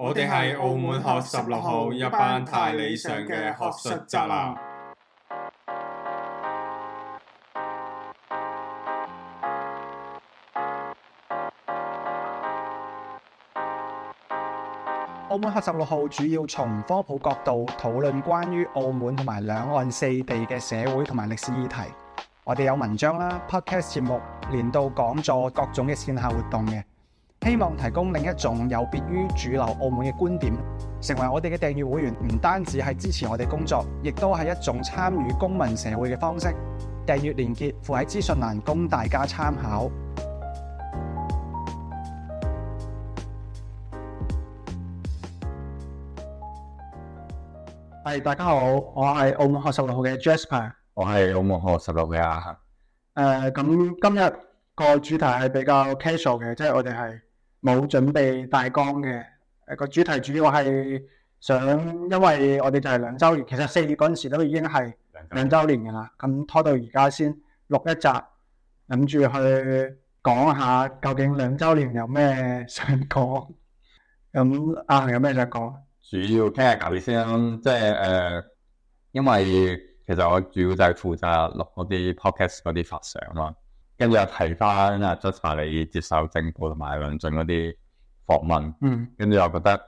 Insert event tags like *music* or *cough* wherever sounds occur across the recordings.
我哋係澳門學十六號一班太理想嘅學術宅男。澳門學十六號主要從科普角度討論關於澳門同埋兩岸四地嘅社會同埋歷史議題。我哋有文章啦、podcast 節目、年度講座、各種嘅線下活動嘅。希望提供另一種有別於主流澳門嘅觀點，成為我哋嘅訂閱會員，唔單止係支持我哋工作，亦都係一種參與公民社會嘅方式。訂閱連結附喺資訊欄，供大家參考。Hey, 大家好，我係澳門學十六號嘅 Jasper，我係澳門學十六嘅阿恆。Uh, 今日個主題係比較 casual 嘅，即係我哋係。冇準備大綱嘅，誒、呃、個主題主要係想，因為我哋就係兩週年，其實四月嗰陣時都已經係兩週年嘅啦，咁拖到而家先錄一集，諗住去講下究竟兩週年有咩想講。咁阿恆有咩想講？主要聽下隔離先，嗯呃、因為其實我主要就係負責錄嗰啲 podcast 嗰啲發相嘛。跟住又提翻啊，Jasper 嚟接受正報同埋論盡嗰啲訪問，跟住又覺得誒、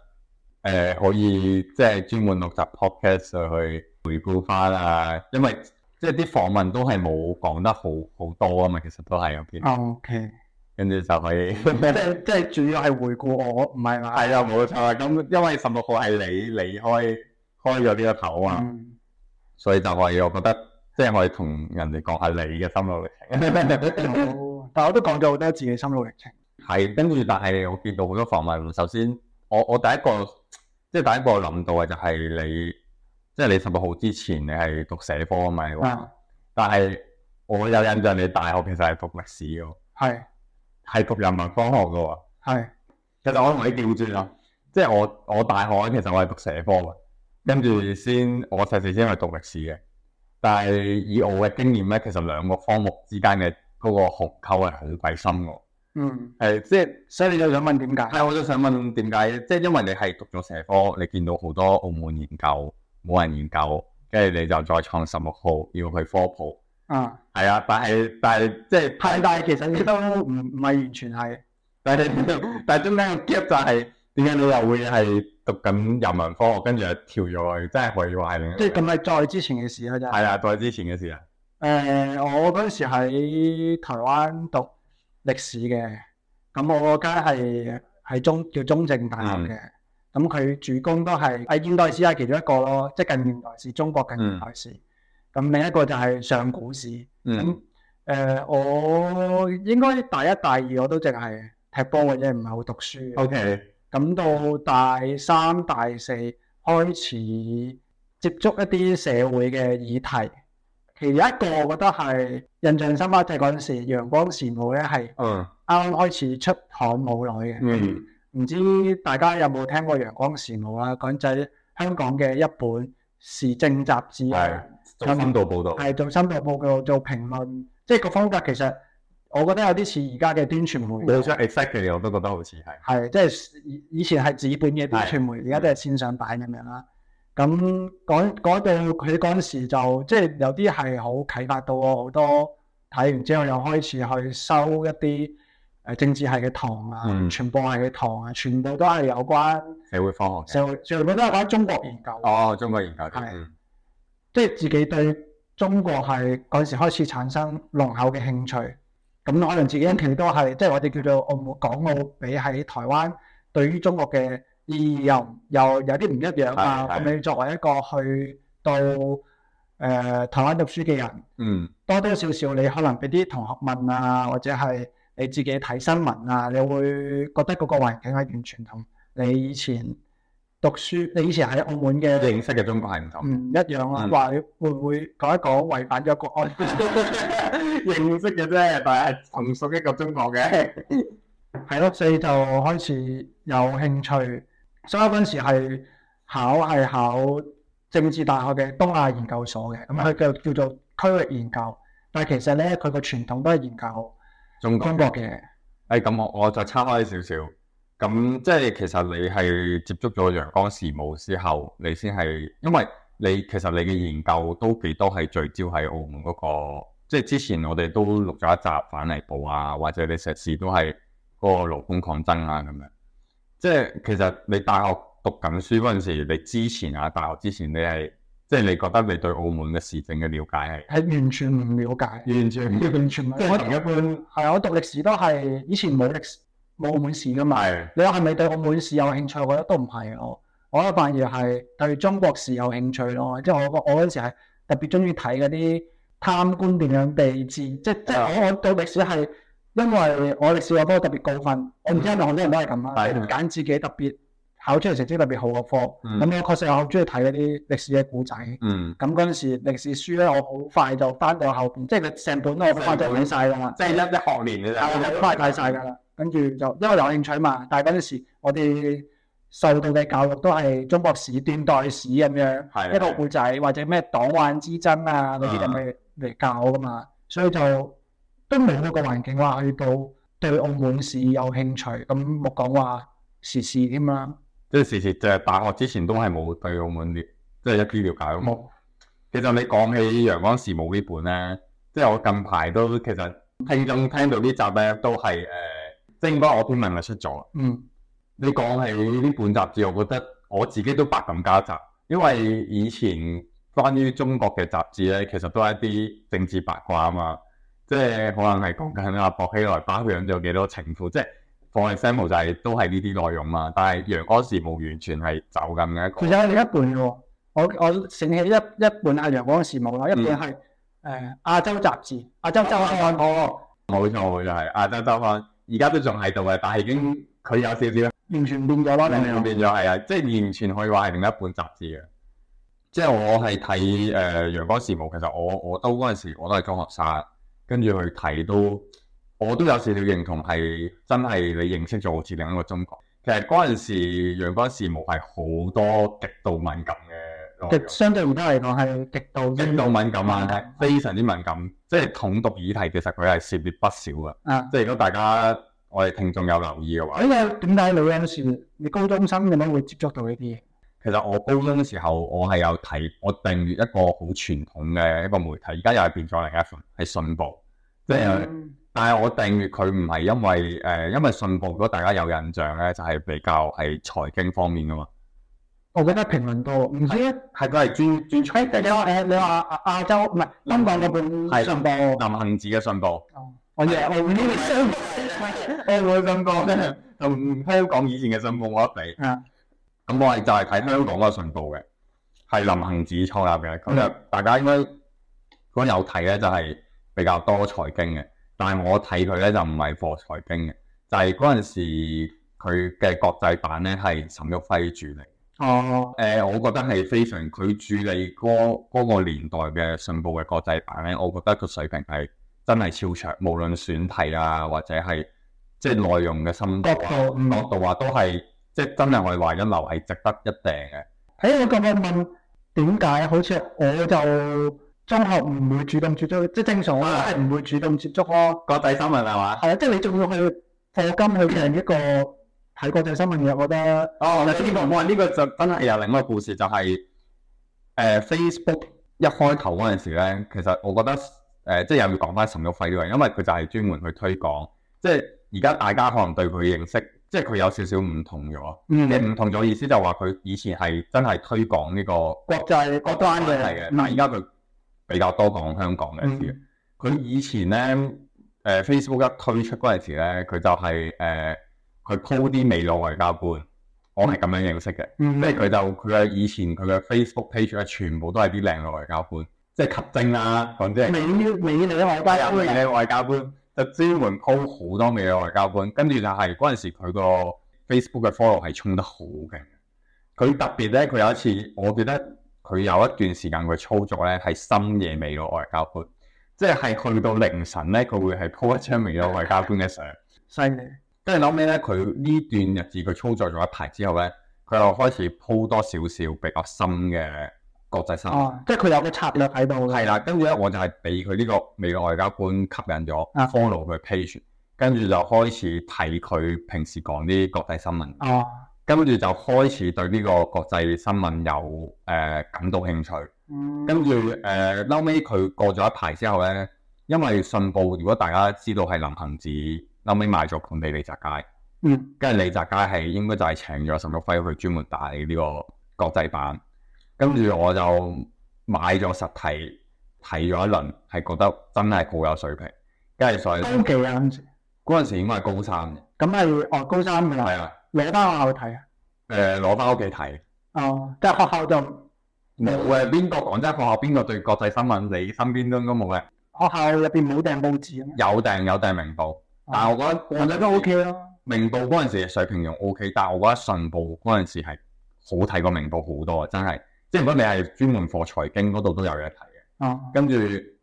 呃、可以即係專門錄集 podcast 去回顧翻啊，因為即係啲訪問都係冇講得好好多啊嘛，其實都係有啲。OK，跟住就可以，即係 *laughs* 主要係回顧我，唔係嘛？係啊、嗯，冇錯。咁因為十六號係你離開開咗呢個頭啊，所以就係我覺得。即係我哋同人哋講下你嘅心路歷程， *laughs* 但係我都講咗好多自己心路歷程。係跟住，但係我見到好多訪問。首先，我我第一個即係、就是、第一個諗到嘅就係你，即、就、係、是、你十六號之前你係讀社科啊嘛。是的但係我有印象，你的大學其實係讀歷史嘅，係係的讀人文科學嘅。係的，其實我同你調轉啊，即、就、係、是、我我大學其實我係讀社科啊，跟住先我細時先係讀歷史嘅。但係以我嘅經驗呢，其實兩個科目之間嘅嗰個鴻溝係好鬼深㗎。嗯，誒，即所以你就想問點解？我就想問點解即係因為你係讀咗社科，你見到好多澳門研究冇人研究，跟住你就再創十六號要去科普。嗯、啊，係啊，但係但係即係派，但係其實都唔唔係完全係。 *laughs* 但係但係中間個 gap 就係、是。點解你又會係讀緊人文科學，跟住又跳咗去，真係可以話係。即係咁係再之前嘅事啦，真係。係啊，再之前嘅事啊。誒、啊啊呃，我嗰陣時喺台灣讀歷史嘅，咁我家係喺中叫中正大學嘅。咁佢、嗯、主攻都係現代史係其中一個咯，即、就、係、是、近現代史、中國近現代史。咁、嗯、另一個就係上古史。咁誒、嗯呃，我應該大一大二我都淨係踢波或者唔係好讀書。O K。咁到大三大四開始接觸一啲社會嘅議題，其實一個我覺得係印象深刻就係嗰陣時，《陽光時務》咧係，嗯，啱啱開始出刊冇耐嘅，嗯，嗯，唔知大家有冇聽過《陽光時務》啊啦？嗰陣就係香港嘅一本時政雜誌，係做深度報道，係做深度報導做評論，即係個風格其實。我覺得有啲似而家嘅端傳媒，冇錯，exactly，我都覺得好似係。係，即係以前係紙本嘅端傳媒，而家都係線上版咁樣啦。咁講講到佢嗰陣時就，就即係有啲係好啟發到我好多。睇完之後又開始去收一啲誒政治系嘅堂啊，嗯、傳播系嘅堂啊，全部都係有關社會科學，社會社會都係關中國研究。哦，中國研究嘅，是嗯、即係自己對中國係嗰陣時開始產生濃厚嘅興趣。咁可能自己一期都係，即係我哋叫做澳港澳比喺台灣對於中國嘅意義又又有啲唔一樣啊。咁的你作為一個去到、呃、台灣讀書嘅人，嗯，多多少少你可能俾啲同學問啊，或者係你自己睇新聞啊，你會覺得嗰個環境係完全同你以前。讀書，你以前喺澳門嘅認識嘅中國係唔同，唔一樣啊！話、嗯、你會唔會講一講違反咗國安 *laughs* 認識嘅啫？但係純屬一個中國嘅，係咯， *laughs* 所以就開始有興趣。所以陣時係考係考政治大學嘅東亞研究所嘅，咁佢叫叫做區域研究，但係其實咧佢個傳統都係研究中國嘅。誒、咁、欸、我我再差開少少。咁即係其實你係接觸咗陽光時務之後，你先係，因為你其實你嘅研究都幾多係聚焦喺澳門嗰、嗰個，即係之前我哋都錄咗一集反離補啊，或者你碩士都係嗰個勞工抗爭啊咁樣。即係其實你大學讀緊書嗰陣時，你之前啊大學之前你係，即係你覺得你對澳門嘅時政嘅了解係係完全唔了解，完全完全唔。即係我一般係我讀歷史都係以前冇歷史。冇澳門史噶嘛？是的你係咪對澳門史有興趣？我覺得都唔係我、就是、我，我反而係對中國史有興趣咯。即係我我嗰時係特別中意睇嗰啲貪官點樣被治，即係即係我對歷史係因為我的歷史我都特別高分，我唔知係咪廣州人都係咁啦，揀的自己特別考出嚟成績特別好嘅科。咁、嗯、我確實又中意睇嗰啲歷史嘅古仔。咁嗰陣時歷史書咧，我好快就翻到後面。即係成本我快就揾曬啦。即係一一學年嘅就快睇曬㗎啦。嗯跟住就，因為有興趣嘛。但係嗰陣時，我哋受到嘅教育都係中國史、斷代史咁樣，是的 一個古仔是的 或者咩黨派之爭啊嗰啲嚟嚟教噶嘛。所以就都冇一個環境話去到對澳門史有興趣。咁冇講話時事添啦。即係時事就係大學之前都係冇對澳門啲，即係一啲了解咁。冇沒。其實你講起《陽光時務》呢本咧，即係我近排都其實聽眾聽到呢集咧，都係誒。呃正不？我篇文就出咗。嗯，你講起呢本雜誌，我覺得我自己都百感交集，因為以前關於中國嘅雜誌咧，其實都係一啲政治八卦啊嘛，即係可能係講緊阿薄熙來包養咗幾多情婦，即係放係 sample 就係、是、都係呢啲內容嘛。但係《啊、陽光時務》完全係走咁嘅一個，其實我哋一半嘅我我醒起一一半阿陽光時務》啦、嗯，一邊係誒亞洲雜誌，亞洲週刊哦就係《亞洲周刊》，我冇錯就係亞洲周刊。而家都仲喺度嘅，但係已經佢有少少完全變咗啦。係啊，變咗係啊，即係完全可以話係另一本雜誌嘅。即係我係睇誒《陽光時務》，其實我我都嗰陣時我都係中學生，跟住去睇都我都有少少認同是，係真係你認識咗好似另一個中國。其實嗰陣時《陽光時務》係好多極度敏感嘅。相對而家嚟講係極度敏感啊，非常之敏感，即係統獨議題，其實佢係涉獵不少噶。啊，即係如果大家我哋聽眾有留意嘅話，咁啊點解女人時你高中生咁樣會接觸到呢啲嘢？其實我高中嘅時候我有，我係有睇我訂閱一個好傳統嘅一個媒體，而家又係變咗另一份係信報，嗯、即係，但係我訂閱佢唔係因為誒、呃，因為信報如果大家有印象咧，就係、是、比較係財經方面噶嘛。我覺得評論多，唔知啊。係佢係轉轉出。誒，你話亞洲唔係香港嗰本信報，林行止嘅信報。我以為澳門嘅信報，我唔想講嘅同香港以前嘅信報，我一比。咁我係就係睇香港嗰個信報嘅，係林行止創立嘅。咁就大家應該嗰有睇咧，就係比較多財經嘅。但係我睇佢咧就唔係播財經嘅，就係嗰陣時佢嘅國際版咧係沈旭輝主理，哦，誒、欸，我覺得係非常佢主理嗰個年代嘅信報嘅國際版咧，我覺得個水平係真係超卓，無論選題啊或者係即係內容嘅深度、啊、角、嗯、度、啊、角啊，都係即係真係我哋話一流，係值得一訂嘅。喺、欸、我咁樣問點解？好似我就中學唔會主動接觸，即係正常我都係唔會主動接觸咯、啊啊。國際新聞係嘛？係啊，即係你仲要去課金去訂一個。喺國際新聞嘅，我覺得哦 Facebook 呢個就真係有另一個故事，就係、是、誒、呃、Facebook 一開頭嗰陣時咧，其實我覺得誒、呃、即係又要講翻沈旭暉啲嘢，因為佢就係專門去推廣，即係而家大家可能對佢認識，即係佢有少少唔同咗。嗯，唔同咗意思就話佢以前係真係推廣呢、這個國際國際關係嘅，的但而家佢比較多講香港嘅事。佢、嗯、以前咧，誒、呃、Facebook 一推出嗰陣時咧，佢就係、是、誒。呃去 po 啲美女外交官，我係咁樣認識嘅。Mm hmm. 即係佢就佢嘅以前佢嘅 Facebook page 咧，全部都係啲靚女外交官，即係吸睛啦。講真，美女美女外交官，係外交官，就專門 po 好多美女外交官。跟住就係嗰陣時，佢個 Facebook 嘅 follow 係衝得好勁。佢特別咧，佢有一次，我覺得佢有一段時間佢操作咧，係深夜美女外交官，即係去到凌晨咧，佢會係 po 一張美女外交官嘅相。犀利！跟住後尾咧，佢呢段日子佢操作咗一排之後咧，佢又開始鋪多少少比較深嘅國際新聞、哦，即係佢有個策略喺度。係啦，跟住咧，我就係俾佢呢個美國外交官吸引咗、啊、，follow 佢 page 跟住就開始睇佢平時講啲國際新聞。哦，跟住就開始對呢個國際新聞有、呃、感到興趣。嗯、跟住誒、呃，後尾佢過咗一排之後咧，因為信報如果大家知道係林行止。後尾買咗盤俾李澤楷，嗯，跟住李澤楷係應該就係請咗沈旭輝去專門打呢個國際版，跟住我就買咗實體睇咗一輪，係覺得真係好有水平。跟住所以都幾啱。嗰陣時，時應該係高三，咁係哦高三嘅啦，係啊，攞翻學校去睇啊。誒，攞翻屋企睇。哦，即係的學校就唔會係邊個廣州學校邊個，個對國際新聞，你身邊都應該冇嘅。學校入邊冇訂報紙啊？有訂，有訂明報。但係我覺得《旺仔》都 O K 啦，《明報》嗰陣時嘅水平用 OK，但係我覺得《信報》嗰陣時係好睇過《明報》好多啊，真係。即係如果你係專門課財經嗰度都有嘢睇嘅。啊、跟住，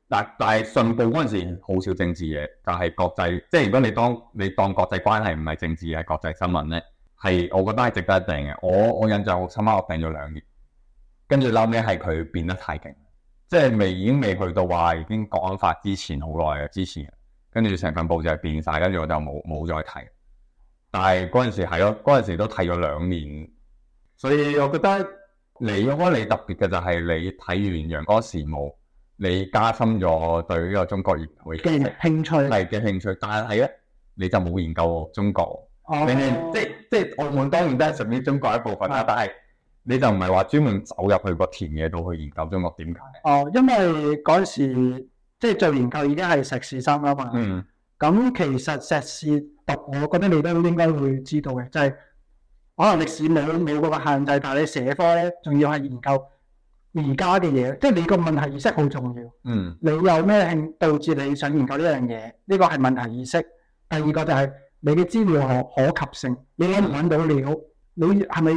但係但係《信報》嗯嗰陣時好少政治嘢，但係國際，即係如果你當你當國際關係唔係政治嘅國際新聞咧，係我覺得係值得一訂嘅。我我印象好深刻，我訂咗兩年。跟住後尾係佢變得太勁，即係未已經未去到話已經國安法之前好耐之前。跟住成份報就係變晒，跟住我就冇冇再睇。但係嗰陣時係咯，嗰陣時都睇咗兩年，所以我覺得你應該的你特別嘅就係你睇完《陽光時務》，你加深咗對呢個中國熱門嘅興趣，係嘅興，興趣。但係咧，你就冇研, Okay. 研究中國，明明即係即係澳門當然都係屬於中國一部分啦，但係你就唔係話專門走入去個田野度去研究中國點解？哦，因為嗰陣時。即係做研究已經係碩士生啦嘛，咁、嗯、其實碩士讀，我覺得你都應該會知道嘅，就係、係、可能歷史冇冇個限制，但係你社科咧，仲要係研究而家嘅嘢，即係你個問題意識好重要。嗯。你有咩興導致你想研究呢樣嘢？呢個係問題意識。第二個就係你嘅資料可可及性，你揾揾到料，你係咪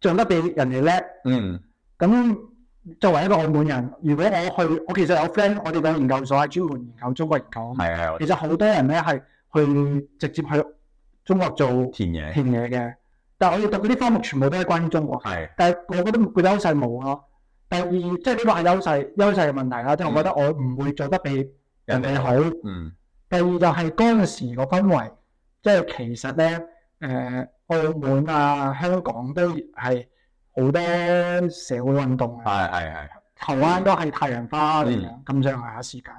做得比人哋叻？嗯。咁。作為一個澳門人，如果我去，我其實有 friend，我哋個研究所係專門研究中國研究，係係。其實好多人咧係去直接去中國做田野田野嘅，但係我要讀嗰啲科目全部都係關於中國，係的。但係我覺得佢哋優勢冇咯。第二，即係呢個係優勢優勢嘅問題啦，即係、嗯、我覺得我唔會做得比人哋好人家。嗯。第二就係嗰陣時個氛圍，即係其實咧，誒澳門啊、香港都係。好多社會運動嘅，係係台灣都係太陽花咁上下時間，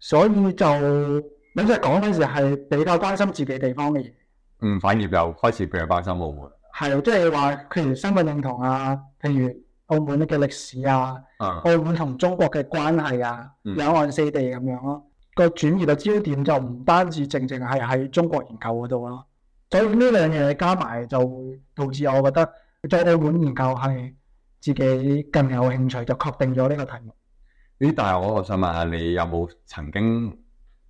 所以就諗住講嗰陣時係比較關心自己地方嘅嘢。嗯，反而又開始比較關心澳門。係，即係話，譬如身份認同啊，譬如澳門嘅歷史啊，嗯、澳門同中國嘅關係啊，兩岸四地咁樣咯。嗯、個轉移嘅焦點就唔單止淨淨係喺中國研究嗰度啦。所以呢兩樣嘢加埋，就會導致我覺得。再地本研究係自己更有興趣，就確定咗呢個題目。咦？但係我想問下你有冇曾經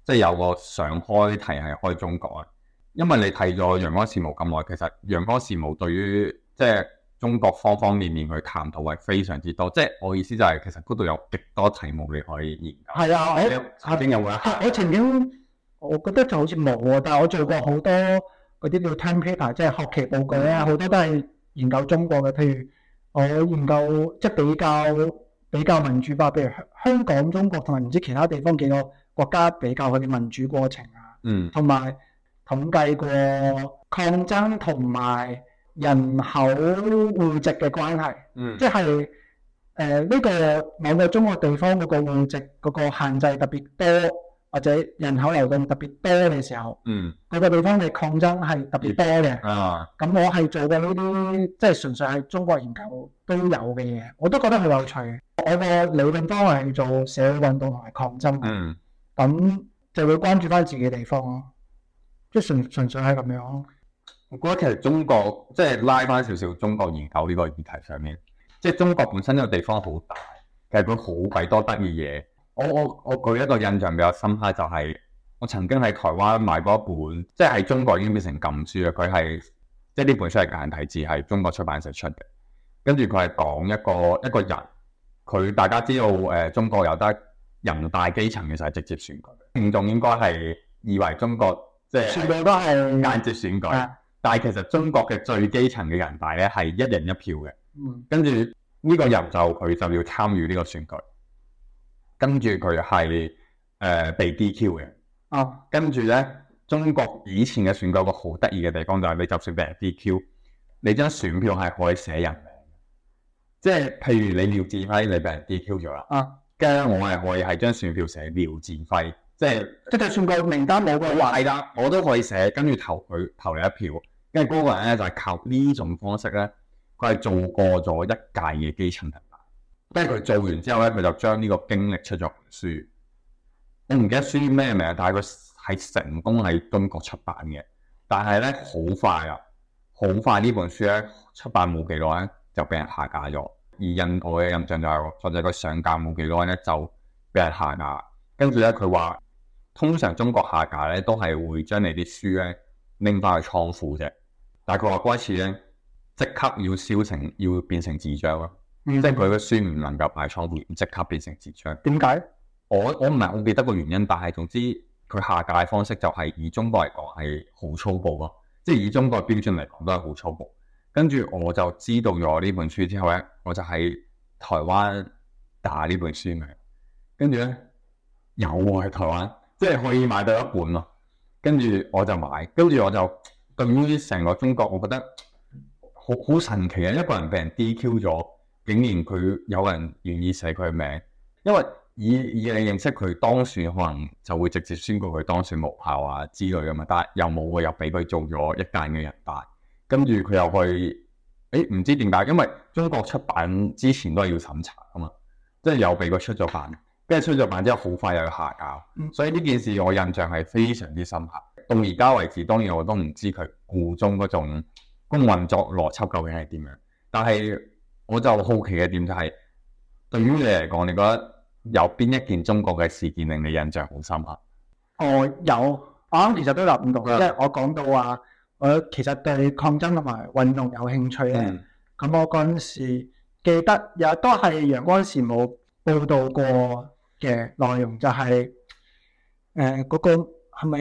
即係有個想開題係開中國啊？因為你睇咗陽光時務咁耐，其實陽光時務對於即係中國方方面面去探討係非常之多。即係我意思就係、是，其實嗰度有極多題目你可以研究。係啊，我曾經有冇啊，啊，啊？我曾經我覺得就好似冇喎，但係我做過好多嗰啲叫 term paper，即係學期報告啊，好、嗯、多都係。研究中國嘅，譬如我研究即係比較比較民主化，譬如香港、中國同埋唔知其他地方幾個國家比較佢嘅民主過程啊。嗯。同埋統計過抗爭同埋人口戶籍嘅關係。嗯，即係。即係誒呢個每個中國的地方嗰個戶籍嗰個限制特別多。或者人口流動特別多嘅時候，嗯，嗰個地方嘅抗爭係特別多嘅，啊，咁我係做嘅呢啲即係純粹係中國研究都有嘅嘢，我都覺得係有趣，我嘅理論方向係做社會運動同埋抗爭，嗯，咁就會關注翻自己嘅地方咯，即係純純粹係咁樣。我覺得其實中國即係、就是、拉翻少少中國研究呢個議題上面，即、就、係、是、中國本身呢個地方好大，其實佢好鬼多得意嘢。我我我舉一個印象比較深刻，就係、是、我曾經喺台灣買過一本，即、就、係、是、中國已經變成禁書啦。佢係即係呢本書係簡體字，係中國出版社出嘅。跟住佢係講一個一個人，佢大家知道誒、呃，中國有得人大基層嘅時候直接選舉，聽眾應該係以為中國即係、就是、全部都係間接選舉，嗯啊、但係其實中國嘅最基層嘅人大咧係一人一票嘅，跟住呢個人就佢就要參與呢個選舉。跟住佢係誒被 DQ 嘅。啊，跟住咧，中國以前嘅選舉個好得意嘅地方就係、是，你就算被人 DQ，你張選票係可以寫人名嘅。即係譬如你廖智輝，你被人 DQ 咗啦。啊，跟住咧，我係可以係張選票寫廖智輝。即係即係選舉名單冇佢壞啦，我都可以寫，跟住投佢投你一票。跟住嗰個人咧就係、是、靠呢種方式咧，佢係做過咗一屆嘅基層人。即佢做完之後咧，佢就將呢個經歷出咗本書。我唔記得書咩名，但係佢係成功喺中國出版嘅。但係呢，好快呀、啊，好快呢本書咧出版冇幾耐咧就俾人下架咗。而印度嘅印象就係，或者佢上架冇幾耐呢就俾人下架了。跟住呢，佢話，通常中國下架呢都係會將你啲書咧拎返去倉庫啫。但係佢話嗰一次呢，即刻要燒成，要變成紙張嗯、即係佢嘅書唔能夠擺倉庫，即刻變成絕章。點解？我我唔係好記得個原因，但係總之佢下架方式就係以中國嚟講係好粗暴咯，即係以中國的標準嚟講都係好粗暴。跟住我就知道咗呢本書之後咧，我就喺台灣打呢本書名，跟住咧有喎、啊、喺台灣，即係可以買到一本咯。跟住我就買，跟住我就對於成個中國，我覺得好好神奇啊！一個人被人 DQ 咗。竟然佢有人願意寫佢名字，因為以以你認識佢當選，可能就會直接宣告佢當選無效啊之類咁嘛。但係又冇，佢又俾佢做咗一屆嘅人大，跟住佢又去誒，唔知點解，因為中國出版之前都係要審查噶嘛，即係又俾佢出咗版，跟住出咗版之後，好快又要下架，嗯、所以呢件事我印象係非常之深刻。到而家為止，當然我都唔知佢故中嗰種公運作邏輯究竟係點樣，但係。我就好奇嘅點就係，對於你嚟講，你覺得有邊一件中國嘅事件令你印象好深刻？哦，有，我其實都諗到，即、嗯、因為我講到話，我其實對抗爭同埋運動有興趣咧。咁、嗯嗯、我嗰陣時記得，亦都係《陽光時務》報道過嘅內容，就係誒嗰個係咪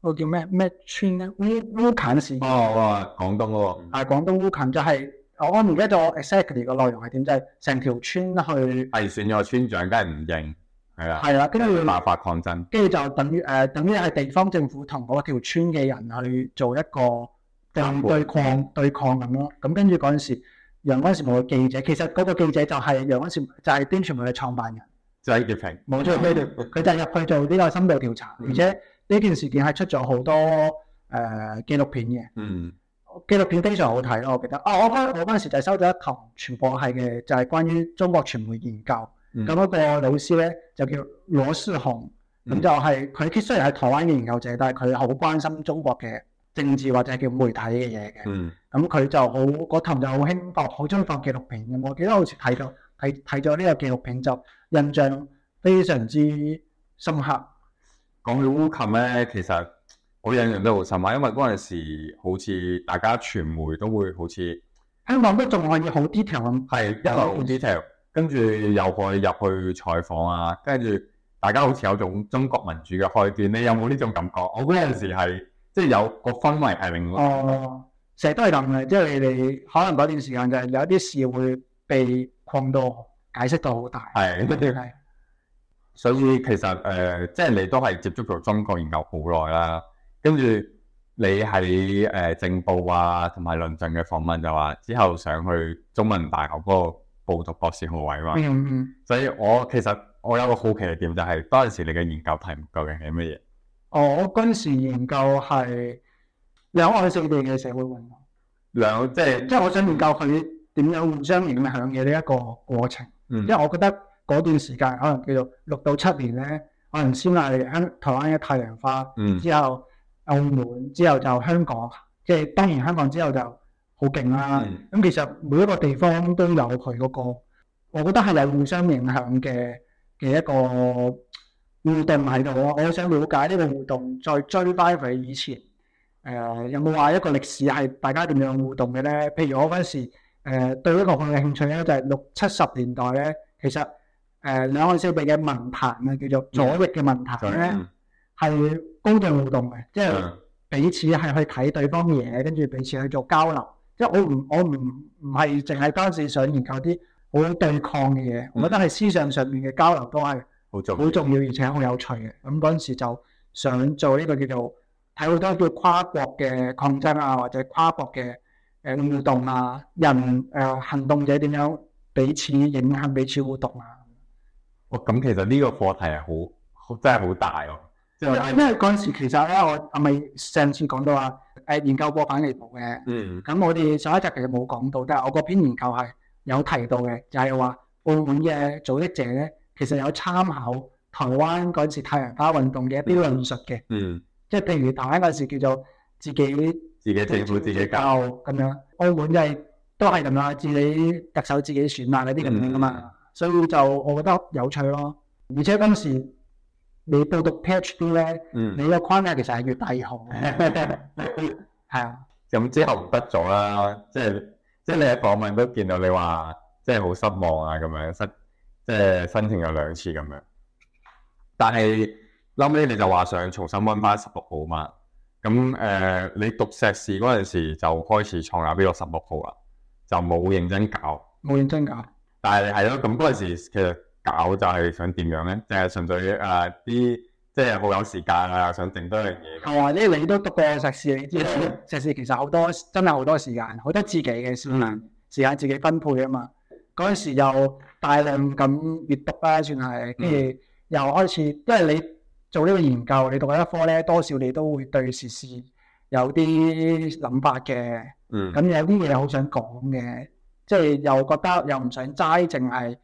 嗰個叫咩咩村咧？烏烏坎事件哦，哇，廣東喎、那個，係廣東烏坎、就係，就係。我我唔記得咗 exactly 個內容係點，就係、是、成條村去係選咗個村長，梗係唔認，係啊，係啦，跟住要爆發抗爭，跟住就等於誒、呃，等於係地方政府同嗰條村嘅人去做一個對對抗、嗯、對抗咁咯。咁跟住嗰陣時，陽光時務嘅記者，其實嗰個記者就係陽光時務就係《邊傳媒》嘅創辦人，平就喺條屏，冇錯，佢就入去做呢深度調查，嗯、而且呢件事件係出咗好多誒紀錄片嘅，嗯。紀錄片非常好睇咯，我記得。啊，我嗰我嗰陣時就收咗一堂傳播系嘅，就係關於中國傳媒研究。咁嗰、嗯、個老師咧就叫羅思雄。咁就係、是、佢。嗯、雖然係台灣嘅研究者，但係佢好關心中國嘅政治或者叫媒體嘅嘢嘅。咁佢、嗯、就好，嗰堂就好興放，好中意放紀錄片。咁我記得好似睇到睇睇咗呢個紀錄片，就印象非常之深刻。講起烏琴咧，其實～好印象都好深啊，因為嗰陣時好似大家傳媒都會好似香港都仲可以好 detail 咁，係好 detail，跟住又可以入去採訪啊，跟住大家好似有種中國民主嘅開端，你有冇呢種感覺？我嗰陣時係的即係有個氛圍係永遠哦，成日都係咁嘅，即係你哋可能嗰段時間就係有啲事會被擴到解釋到好大，係的，的所以其實誒，呃、是的即係你都係接觸咗中國研究好耐啦。跟住你喺誒正報啊，同埋論盡嘅訪問就話之後想去中文大學嗰個報讀博士學位嘛。嗯嗯。所以我其實我有個好奇嘅點就係，嗰陣時你嘅研究題目究竟係乜嘢？我嗰陣時研究係兩岸性別嘅社會運動。兩即係即係我想研究佢點樣互相影響嘅呢一個過程。嗯。因為我覺得嗰段時間可能叫做六到七年咧，可能先係喺台灣嘅太陽花。之後。嗯。澳門之後就香港，即係當然香港之後就好勁啦。咁其實每一個地方都有佢嗰個，我覺得係嚟互相影響嘅嘅一個互動喺度咯。我好想了解呢個互動，再追翻佢以前，誒有冇話一個歷史係大家點樣互動嘅咧？譬如我嗰陣時誒對一個好嘅興趣咧，就係六七十年代咧，其實誒兩岸少備嘅文壇啊，叫做左翼嘅文壇咧。係公正互動嘅，即係彼此係去睇對方嘢，跟住彼此去做交流。即係我唔我唔唔係淨係當時想研究啲好有對抗嘅嘢，嗯、我覺得係思想上面嘅交流都係好重要，好重要，而且好有趣嘅。咁嗰陣時就想做呢個叫做睇好多叫跨國嘅抗爭啊，或者跨國嘅誒互動啊，人誒、呃、行動者點樣彼此影響彼此互動啊。哦，咁其實呢個課題係好真係好大喎啊。因為嗰陣時，其實咧，我係咪上次講到啊？誒，研究過反離補嘅。嗯。咁我哋上一集其實冇講到，但係我嗰篇研究係有提到嘅，就係話澳門嘅組織者咧，其實有參考台灣嗰陣時太陽花運動嘅一啲論述嘅。嗯。即係譬如台灣嗰陣時叫做自己，自己政府自己教咁樣，澳門就係都係咁樣，自己特首自己選啦嗰啲咁樣噶嘛。嗯。所以就我覺得有趣咯，而且嗰陣時。你到讀 PhD 咧，你個框架其實係越嚟越好，係 *laughs* 啊。咁、嗯、 *laughs* 之後唔得咗啦，即係即係你喺訪問都見到你話，即係好失望啊咁樣，申即係申請咗兩次咁樣。但係後尾你就話想重新搵翻十六號嘛？咁誒、呃，你讀碩士嗰陣時就開始創立呢個十六號啦，就冇認真搞，冇認真搞。但係係咯，咁嗰陣時其實。搞就係想點樣咧？即係純粹誒，啲即係好有時間啊，想整多樣嘢。同埋者你都讀過碩士，你知啦。碩士、嗯、其實好多真係好多時間，好多自己嘅、嗯、時間，時間自己分配啊嘛。嗰陣時又大量咁閱讀咧，算係跟住又開始，因為你做呢個研究，你讀一科咧，多少你都會對時事有啲諗法嘅。嗯。咁有啲嘢好想講嘅，即係、嗯、又覺得又唔想齋，淨係。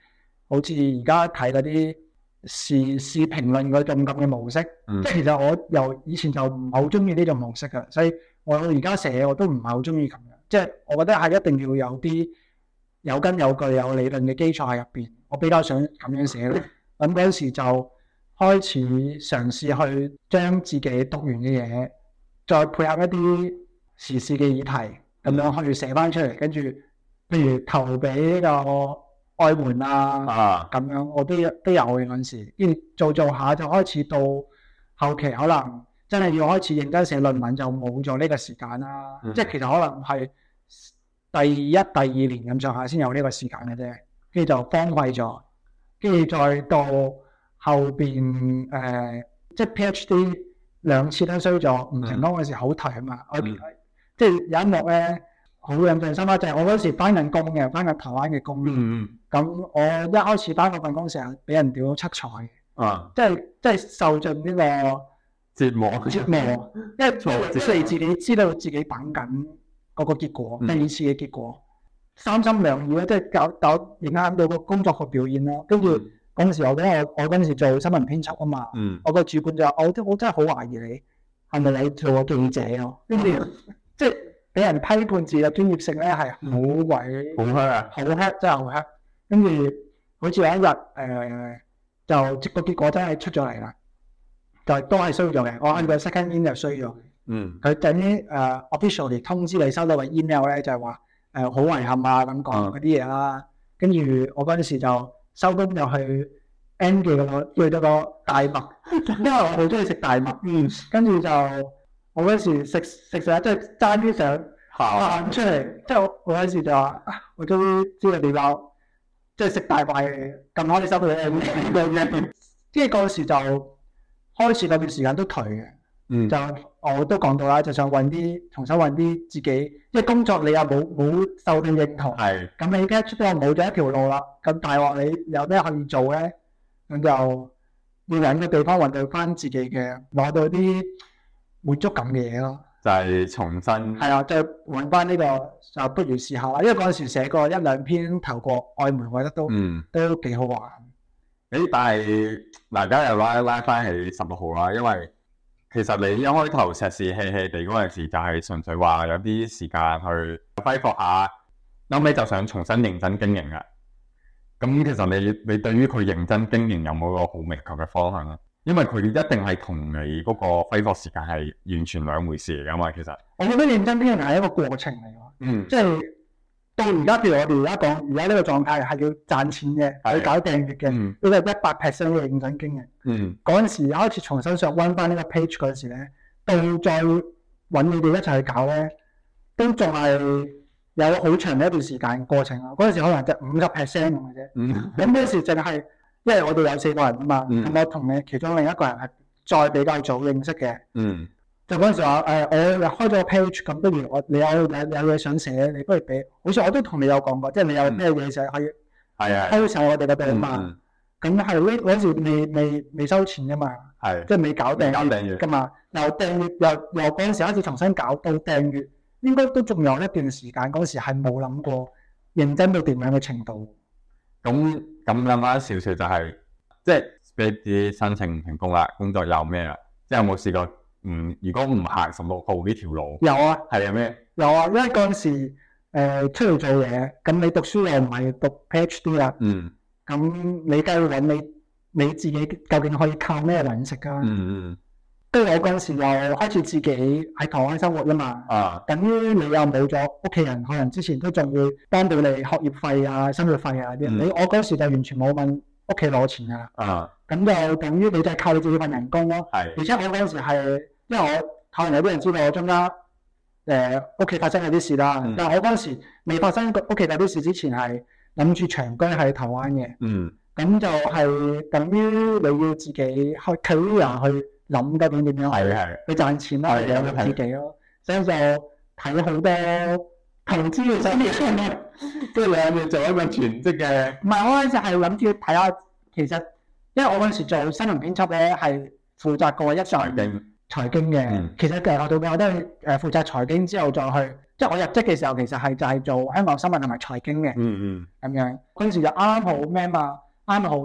好似而家睇嗰啲時事評論嗰種咁嘅模式，即係、嗯、其實我以前就唔係好中意呢種模式嘅，所以我而家寫我都唔係好中意咁樣，即、就、係、是、我覺得係一定要有啲有根有據有理論嘅基礎喺入邊，我比較想咁樣寫。咁嗰時就開始嘗試去將自己讀完嘅嘢，再配合一啲時事嘅議題，咁樣去寫翻出嚟。跟住，譬如投俾呢、這個。外門啊，咁、啊、樣我都都有嘅嗰陣時，跟住做做下就開始到後期，可能真係要開始認真寫論文就冇咗呢個時間啦。嗯、即係其實可能係第一、第二年咁上下先有呢個時間嘅啫。跟住就荒廢咗，跟住再到後邊誒、呃，即係 PhD 兩次都衰咗，唔成功嗰時好提啊嘛。嗯、即係有一幕咧。好印象深刻就係、是、我嗰時翻緊工嘅，翻緊台灣嘅工。咁我一開始翻嗰份工時候，俾人屌到七彩啊。即係即係受盡呢個折磨。折磨。折磨，因為即係自己知道自己等緊嗰個結果，第二、嗯、次嘅結果三心兩意咧，即係搞搞而家到個工作個表演囉。跟住嗰陣時候咧，我我嗰陣時做新聞編輯啊嘛。嗯。我個主管就話我真我真係好懷疑你係咪你做記者啊？跟住。即係。俾人批判自己專業性咧，係好鬼好黑啊！好黑，真係好黑。跟住好似有一日，誒就個結果真係出咗嚟啦。就都係衰咗嘅，我係個 second in 就衰咗。嗯。佢等於誒 official 嚟通知你收到個 email 咧，就係話誒好遺憾啊，咁講嗰啲嘢啦。跟住我嗰陣時就收工入去 end 嘅去到個大麥，因為我好中意食大麥。嗯。跟住就。我嗰時食食食，即係爭啲想行出嚟，即係我我嗰時就話，我都知道麪包，即係食大塊嘅，撳開你手對你，即係嗰時就開始嗰段時間都頹嘅，嗯，就我都講到啦，就想揾啲重新揾啲自己，因為工作你又冇冇受到認同，係是，咁你而家出咗冇咗一條路啦，咁大鑊你有咩可以做咧？咁就要揾個地方揾到翻自己嘅，攞到啲，滿足感嘅嘢咯，就係重新係啊，再搵翻呢個，就不如試下啦。因為嗰陣時寫過一兩篇投過《愛瞞》，我覺得嗯，都幾好玩。誒，但係嗱，家又拉一拉翻係十六號啦。因為其實你一開頭碩士氣氣地嗰陣時，就係、是、純粹話有啲時間去揮霍下。後尾就想重新認真經營啦。咁其實你你對於佢認真經營有冇一個好明確嘅方向啊？因為佢哋一定係同你嗰個揮霍時間係完全兩回事嚟噶嘛，其實我覺得認真啲嘅係一個過程嚟嘅，嗯，即係、嗯、到而家，譬如我哋而家講，而家呢個狀態係要賺錢嘅，是要搞訂閱嘅，呢個一百 percent 嘅認真經營，嗯，嗰陣時開始重新上温翻呢個 page 嗰陣時咧，到再揾你哋一齊去搞咧，都仲係有好長嘅一段時間過程啊，嗰陣時可能就五十 percent 咁嘅啫，咁嗰陣時淨係。嗯嗯即係我哋有四個人啊嘛，咁我同你其中另一個人係再比較早認識嘅，嗯，就嗰陣時話、哎、我開咗個 page，咁不如我你有你有嘢想寫，你不如俾，好似我都同你有講過，即係你有咩嘢就可以，係啊、嗯，寫我哋嘅俾嘛。咁係嗰嗰陣時未未未收錢噶嘛，係是，即係未搞定，搞訂閱噶嘛。嗱訂閱又又嗰陣時開始重新搞到訂閱，應該都仲有一段時間，嗰時係冇諗過認真到點樣嘅程度。咁咁諗一少少就係、是，即係畢業啲申請唔成功啦，工作又咩啦？即係有冇試過唔、嗯、如果唔行十六號呢條路？有啊，係咩？有啊，因為嗰陣時誒、呃、出嚟做嘢，咁你讀書又唔係讀 PhD 啦，嗯，咁你都要搵你你自己究竟可以靠咩嚟食噶？嗯嗯。都有嗰陣時又開始自己喺台灣生活啦嘛，啊，等於你又冇咗屋企人，可能之前都仲會幫到你學業費啊、生活費啊啲。你、嗯、我嗰時就完全冇問屋企攞錢噶啊，咁、啊、就等於你就係靠你自己份人工咯，係、啊。而且我嗰時係因為我可能有啲人知道我中間誒屋企發生有啲事啦，嗯、但係我嗰時未發生屋企大啲事之前係諗住長居喺台灣嘅，嗯，咁就係等於你要自己開企業去。諗究竟點樣去賺的錢咯，自己咯，看所以就睇好多投資嘅新嘅新聞。跟住你咪做一個全職嘅。唔係，我嗰陣時係諗住睇下，其實因為我嗰陣時做新聞編輯咧，係負責過一財經財經嘅。經嗯、其實大學讀完我都係誒負責財經之後再去，即、就、係、係、我入職嘅時候其實係就係做香港新聞同埋財經嘅。嗯嗯。咁樣嗰陣時就啱好咩嘛？啱好。嗯剛剛好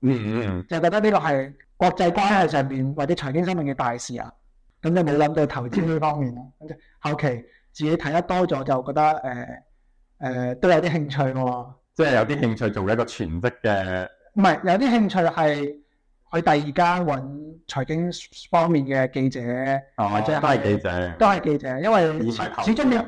嗯嗯，就覺得呢個係國際關係上面或者財經生命嘅大事啊，咁就冇諗到投資呢方面咯。就後期自己睇得多咗，就覺得誒誒、呃呃、都有啲興趣、哦、即係有啲興趣做一個全職嘅，唔係有啲興趣係去第二間搵財經方面嘅記者哦，即係都係記者，哦、者是都係記、記者，因為，為始終你誒，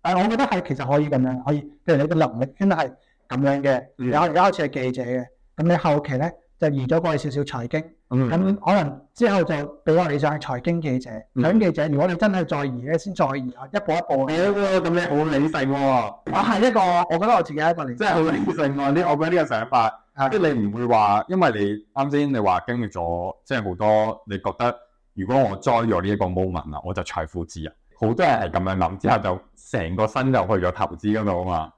但我覺得係其實可以咁樣，可以，譬如你嘅能力圈係咁樣嘅，而家而家開始係記者嘅。咁你後期咧就移咗過去少少財經，咁、嗯、可能之後就俾我哋上財經記者、響、嗯、記者。如果你真係再移咧，先再移，一步一步。係喎，咁你好理性喎、啊。我係、啊、一個，我覺得我自己係一個理性。真係好理性喎、啊！我覺得呢個想法，即係的你唔會話，因為你啱先你話經歷咗，即係好多你覺得，如果我抓咗呢一個 moment 啊，我就財富自由。好多人係咁樣諗之後就成個身就去咗投資嗰度啊嘛。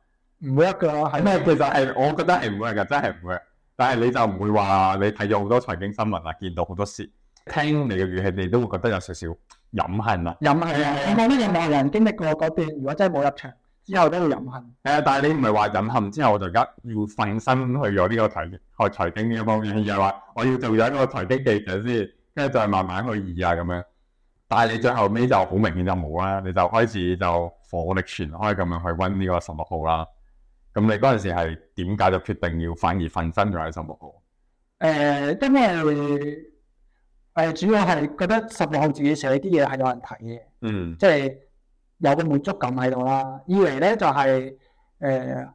唔會一個係咩？其實係我覺得係唔會嘅，真係唔會。但係你就唔會話你睇咗好多財經新聞啊，見到好多事，聽你嘅語氣，你都會覺得有少少隱恨啊。隱恨啊，你看沒有冇任何人經歷過嗰段？如果真係冇入場之後都要隱恨。但係你唔係話隱恨之後我就而家要奮身去咗呢個財學財經呢一方面，而係話我要做咗一個財經記者先，跟住再慢慢去二啊咁樣。但係你最後屘就好明顯就冇啦，你就開始就火力全開咁樣去找呢個十六號啦。咁你嗰陣時係點解就決定要反而瞓身喺十六號？誒、呃，因為誒、呃、主要係覺得十六號自己寫啲嘢係有人睇嘅，嗯，即係有個滿足感喺度啦。以嚟咧就係誒，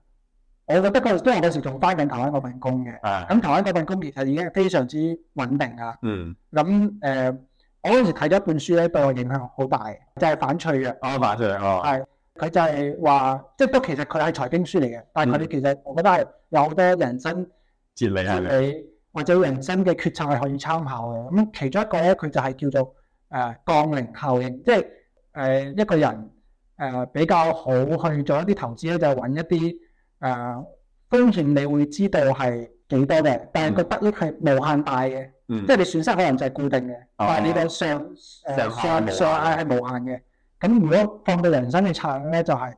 我覺得嗰陣都有時仲返緊台灣嗰份工嘅，咁、啊、台灣嗰份工其實已經非常之穩定啊。嗯，咁誒、呃，我嗰時睇咗一本書咧，對我影響好大，就係、是、反脆弱。哦，反脆弱，哦，係。佢就係話，即係都其實佢係財經書嚟嘅，但係佢哋其實我覺得係有好多人生理哲理或者人生嘅決策係可以參考嘅。咁其中一個咧，佢就係叫做誒、呃、槓鈴效應，即係誒、呃、一個人誒、呃、比較好去做一啲投資咧，就揾一啲誒風險你會知道係幾多嘅，但係個得益係無限大嘅。嗯、即係你損失可能就係固定嘅，嗯、但係你嘅上誒上上係無限嘅。啊咁如果放到人生去查咧，就係、是、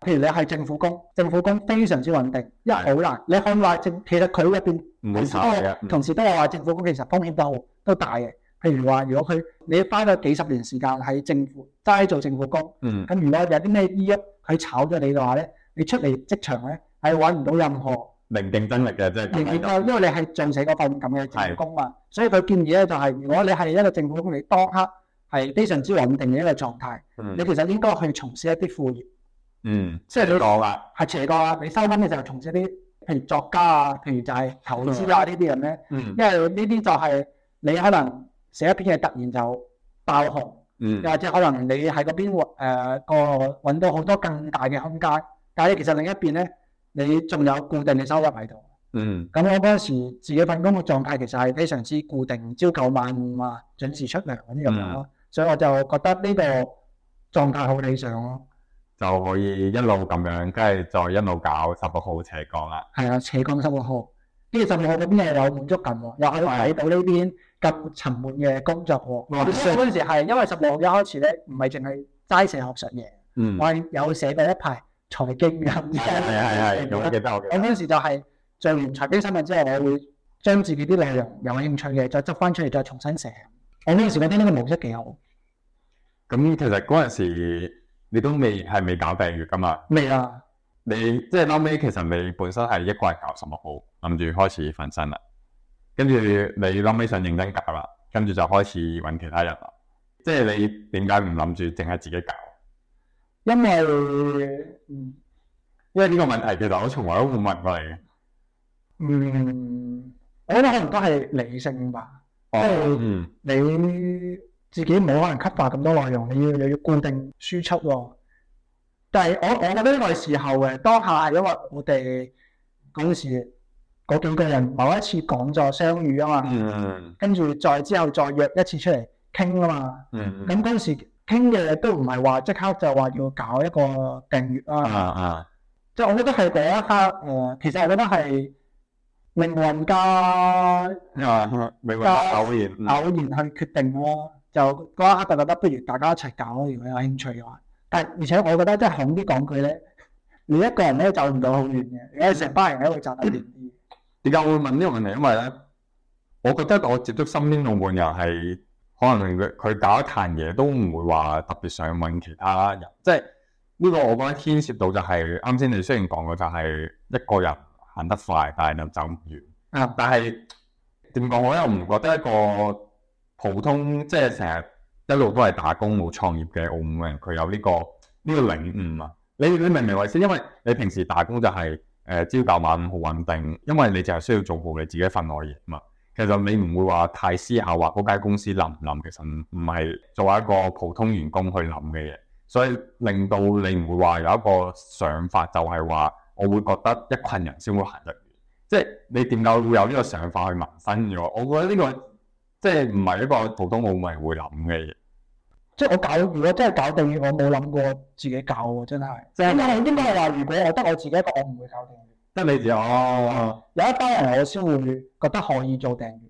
譬如你係政府工，政府工非常之穩定，因為好難。是的 你可話話政，其實佢入邊唔會炒嘅。同時都話政府工其實風險都都大嘅。譬如話，如果佢你花咗幾十年時間喺政府齋做政府工，咁、嗯、如果有啲咩益佢炒咗你嘅話咧，你出嚟職場咧係揾唔到任何明定真力嘅，即係因為你係做死嗰份咁嘅政府工啊，是的 所以佢建議咧就係、是、如果你係一個政府工，你當刻，係非常之穩定嘅一個狀態。嗯、你其實應該去從事一啲副業。嗯，即係點講啊？係斜過啊！惡你收翻嘅時候從事一啲譬如作家啊，譬如就係投資啦、啊嗯、呢啲人咧。嗯、因為呢啲就係你可能寫一篇嘢突然就爆紅，又、嗯、或者可能你喺嗰邊誒個、呃、搵到好多更大嘅空間。但係其實另一邊咧，你仲有固定嘅收入喺度。嗯。咁我嗰陣時自己份工嘅狀態其實係非常之固定，朝九晚五啊，準時出糧啲咁樣咯。嗯所以我就覺得呢個狀態好理想咯、哦，就可以一路咁樣，跟住再一路搞十,個、啊、十,個十六號斜槓啦。係啊，斜槓十六號，呢個十六號邊係有滿足感喎、哦，的又可以睇到呢邊咁的沉悶嘅工作喎、哦。嗰、嗯、時係因為十六號一開始咧，唔係淨係齋寫學術嘢，嗯、我係有寫過一排財經嘅係啊係啊，有記得我我嗰時就係做完財經新聞之後，我會將自己啲內容有興趣嘅，再執翻出嚟，再重新寫。我嗰陣時覺得呢個模式幾好。咁其實嗰陣時你都未係未搞訂閱㗎嘛？未啊！你即係、就是、後尾。其實你本身係一個人搞十六號，諗住開始瞓身啦。跟住你後尾，想認真搞啦，跟住就開始揾其他人啦。即係你點解唔諗住淨係自己搞？因為，嗯，因為呢個問題其實我從來都冇問過你嘅。嗯，我覺得可能都係理性吧。即係、哦嗯、你自己冇可能吸化咁多內容，你要又要固定輸出、啊。但係我我覺得呢個時候嘅當下因為我哋嗰時嗰幾個人某一次講座相遇啊嘛，嗯、跟住再之後再約一次出嚟傾啊嘛。咁、嗯嗯、當時傾嘅都唔係話即刻就話要搞一個訂閱啊。即係、嗯嗯嗯、我覺得係第一刻，誒、呃，其實我覺得係。命運家，你話命運家偶然偶然去決定咯，就嗰一刻就覺得不如大家一齊搞咯，如果有興趣嘅話。但而且我覺得真係恐啲講句咧，你一個人咧走唔到好遠嘅，你成班人咧會走得遠啲。點解我會問呢個問題？因為咧，我覺得我接觸身邊澳門人係，可能佢佢搞一壇嘢都唔會話特別想搵其他人。即係呢個，我覺得牽涉到就係啱先你雖然講嘅就係、是、一個人。行得快，但係又走唔完。啊！但係點講？我又唔覺得一個普通，即係成日一路都係打工冇創業嘅澳門人，佢有呢個呢個領悟啊！你你明唔明我意思？因為你平時打工就係誒呃朝九晚五好穩定，因為你就係需要做好你自己份內嘢嘛。其實你唔會話太思考話嗰間公司諗唔諗，其實唔係作為一個普通員工去諗嘅嘢，所以令到你唔會話有一個想法，就係話。我會覺得一群人先會行得遠，即係你點解會有呢個想法去萌生咗？我覺得呢、這個即係唔係一個普通舞迷會諗嘅嘢。即係我搞，如果真係搞訂閱，我冇諗過自己搞喎，真係。應該係應該係話，如果我得我自己一個，我唔會搞訂閱即得你只我、哦、有一班人，我先會覺得可以做訂閱。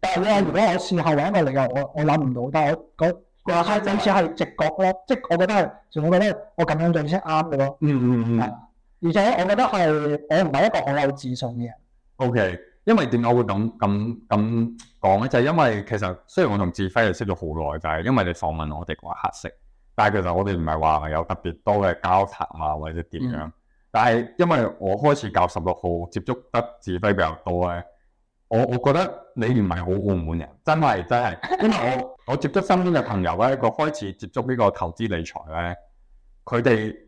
但係咧，如果我事後揾個理由，我我諗唔到。但係我嗰個好似係直覺咯，即係我覺得，我覺得我咁樣做先啱嘅咯。嗯嗯嗯。而且我覺得係我唔係一個好有自信嘅人。O、okay, K，因為點解會咁咁咁講咧？就是，因為其實雖然我同志輝又識咗好耐，就係、是，因為你訪問我哋講黑色，但係其實我哋唔係話有特別多嘅交談啊，或者點樣。嗯、但係因為我開始教十六號接觸得志輝比較多咧，我我覺得你唔係好澳門人，真係真係，因為、嗯、我我接觸身邊嘅朋友咧，佢開始接觸呢個投資理財咧，佢哋。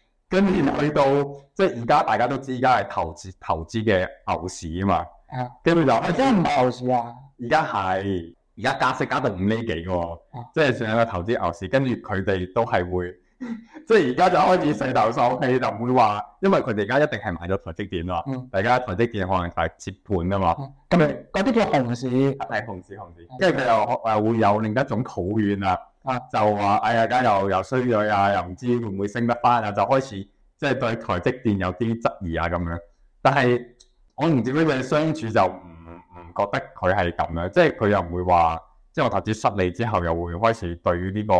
跟住去到，即係而家大家都知，而家係投資投資嘅牛市啊嘛。係啊的，跟住就係真係唔係牛市啊！而家係，而家加息加到五釐幾喎，是的即係算係一個投資牛市。跟住佢哋都係會，即係而家就開始勢頭上氣，就唔會話，因為佢哋而家一定係買咗台積電啊嘛。嗯。大家台積電可能係接盤啊嘛。咁啊，嗰啲叫熊市，係熊市熊市。因為佢又誒會有另一種抱怨啦。就話哎呀，而家又又衰弱呀，又唔知會唔會升得返呀。就開始即係、就是、對台積電有啲質疑呀咁樣。但係我唔知，威佢相處就唔唔覺得佢係咁樣，即係佢又唔會話即係我投資失利之後又會開始對於呢、這個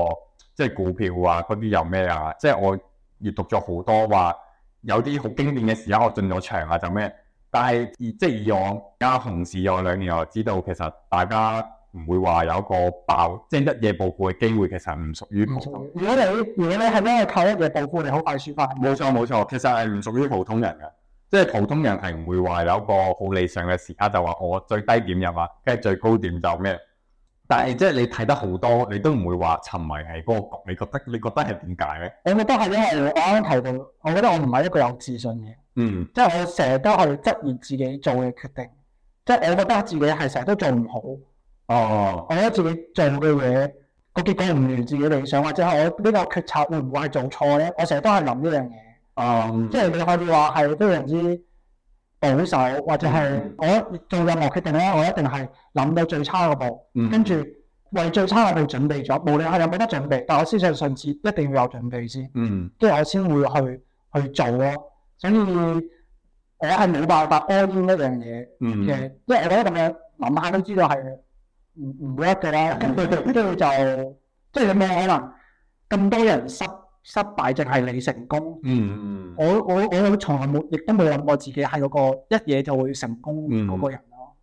即係、就是、股票呀嗰啲有咩呀？即、就、係、是、我閱讀咗好多話，有啲好經典嘅時間我進咗場呀，就咩？但係即係以我而家同事有兩年，我知道其實大家。唔會話有一個爆，即係一夜暴富嘅機會，其實唔屬於普通。如果你如果你係因為靠一夜暴富，你好快輸翻。冇錯冇錯，其實係唔屬於普通人嘅，即係普通人係唔會話有一個好理想嘅時刻，就話我最低點入啊，跟住最高點就咩？但係即係你睇得好多，你都唔會話沉迷喺嗰個局。你覺得你覺得係點解咧？我覺得係因為我啱啱提到，我覺得我唔係一個有自信嘅，嗯，即係我成日都去質疑自己做嘅決定，即係我覺得自己係成日都做唔好。哦，oh. 我覺得自己做嘅嘢個結果唔如自己理想，或者係我呢個決策會唔會係做錯咧？我成日都係諗呢樣嘢。嗯，oh. 即係你可以話係非常之保守，或者係我做任何決定咧，我一定係諗到最差個步，跟住、mm hmm. 為最差個步準備咗。無論我有冇得準備，但我思想上先一定要有準備先。嗯，跟住我先會去去做咯。所以誒係冇辦法安應一樣嘢嘅，即係我覺得咁樣諗下都知道係。唔唔 r e 嘅咧，咁佢哋呢度就即係有咩可能咁多人失失敗，淨係你成功？嗯嗯我我我從來冇，亦都冇諗過自己係嗰、那個一嘢就會成功嗰個人咯、嗯。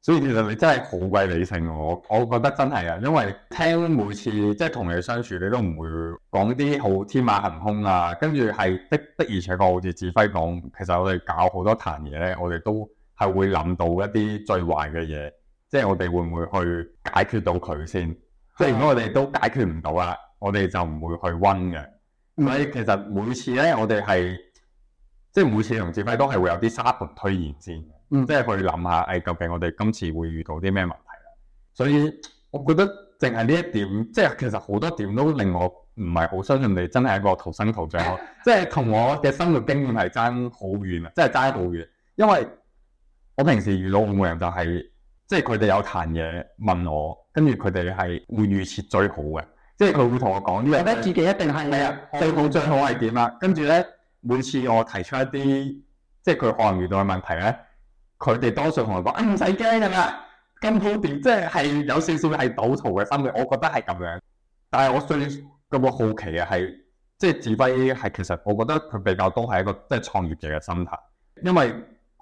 所以其實你真係好鬼理性我，我覺得真係啊，因為聽每次即係、就是、同你相處，你都唔會講啲好天馬行空啊，跟住係的的而且確好似指揮講。其實我哋搞好多談嘢咧，我哋都係會諗到一啲最壞嘅嘢。即係我哋會唔會去解決到佢先？即係如果我哋都解決唔到啦，我哋就唔會去温嘅。唔、嗯、所以其實每次咧，我哋係即係每次同志輝都係會有啲沙盤推演先，即係、嗯、去諗下，誒、哎、究竟我哋今次會遇到啲咩問題啦。所以我覺得淨係呢一點，即係其實好多點都令我唔係好相信你真係一個土生土長，即係同我嘅生活經驗係爭好遠啊！即係爭好遠，因為我平時遇到五個人就係、是。即係佢哋有談嘢問我，跟住佢哋係會預設最好嘅，即係佢會同我講：，覺得自己一定係咪啊？最好最好係點啊？跟住咧，每次我提出一啲，即係佢可能遇到嘅問題咧，佢哋多數同我講：，唔使驚㗎啦，咁好掂。即係係有少少係賭徒嘅心嘅，我覺得係咁樣。但係我最咁嘅好奇嘅係，即係自卑係其實我覺得佢比較都係一個即係創業者嘅心態，因為。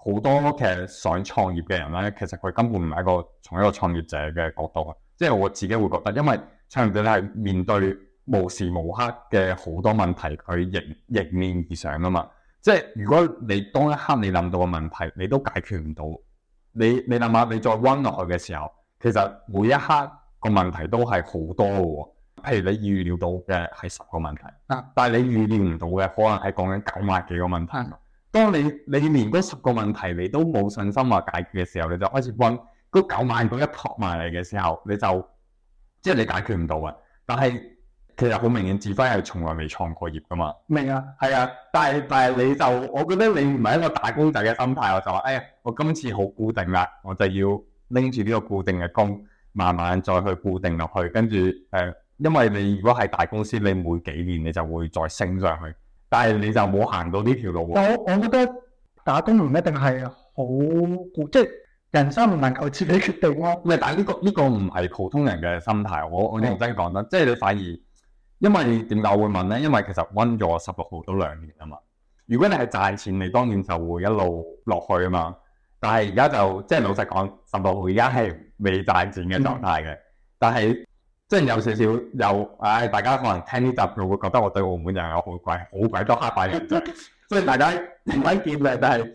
好多嘅想創業嘅人呢，其實佢根本唔係一個從一個創業者嘅角度啊。即係我自己會覺得，因為創業者咧係面對無時無刻嘅好多問題，佢迎迎面而上啊嘛。即係如果你當一刻你諗到嘅問題，你都解決唔到，你你諗下你再溫落去嘅時候，其實每一刻個問題都係好多喎、哦。譬如你預料到嘅係十個問題，但係你預料唔到嘅可能係講緊九萬幾個問題。當你你連嗰十個問題你都冇信心話解決嘅時候，你就開始揾嗰九萬嗰一撲埋嚟嘅時候，你就即係、就是、你解決唔到啊，啊！但係其實好明顯，志輝係從來未創過業㗎嘛。明啊，係啊，但係但係你就，我覺得你唔係一個打工仔嘅心態，我就話：「哎呀，我今次好固定啦，我就要拎住呢個固定嘅工，慢慢再去固定落去。跟住誒，因為你如果係大公司，你每幾年你就會再升上去。但係你就冇行到呢條路。我我覺得打工唔一定係好固，即係人生唔能夠自己決定咯。唔係，但係呢個呢個唔係普通人嘅心態。我、嗯、我認真講得，即係你反而，因為點解我會問咧？因為其實温咗十六號都兩年啊嘛。如果你係賺錢，你當然就會一路落去啊嘛。但係而家就即係老實講，十六號而家係未賺錢嘅狀態嘅。嗯。但係即係有少少又，唉、哎！大家可能聽呢集會覺得我對澳門人好鬼好鬼多黑鬼人，所以 *laughs* 大家唔係見嘅，但係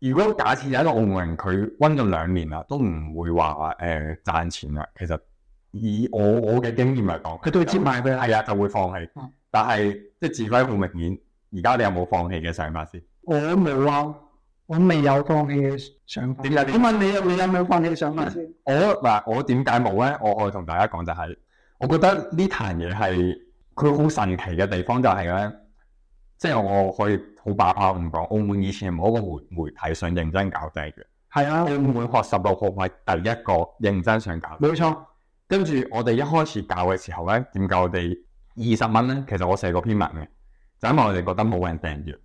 如果假設有一個澳門人佢温咗兩年啦，都唔會話誒、呃、賺錢啦。其實以我我嘅經驗嚟講，佢都要接埋佢，係啊有就會放棄。嗯、但係即係自揮好明顯，而家你有冇放棄嘅想法先？我冇啊。我未有放棄嘅想法。點解？請問你有冇有冇放棄想法先？我嗱，我點解冇咧？我可以同大家講就係、是，我覺得呢壇嘢係佢好神奇嘅地方就係、是、咧，即、就、係、是、我可以好把炮咁講。澳門以前冇一個媒媒體想認真搞第嘅係啊。澳門學十六號係第一個認真想搞，冇錯。跟住我哋一開始搞嘅時候咧，點解我哋二十蚊咧？其實我寫過篇文嘅，就因為我哋覺得冇人訂閱，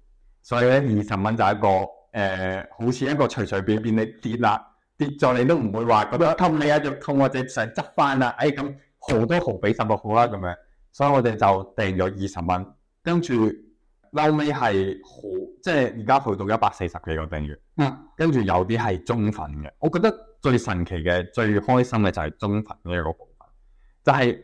所以咧二十蚊就係一個。誒、呃，好似一個隨隨便便你跌啦跌咗，你都唔會話覺得氹你啊，肉痛、啊、或者成日執翻啦。哎，咁好多豪俾十六號啦，咁樣，所以我哋就訂咗二十蚊，跟住後尾係好，即係而家去到一百四十幾個訂閱，跟住、嗯、有啲係中份嘅。我覺得最神奇嘅、最開心嘅就係中份呢一個部分，就係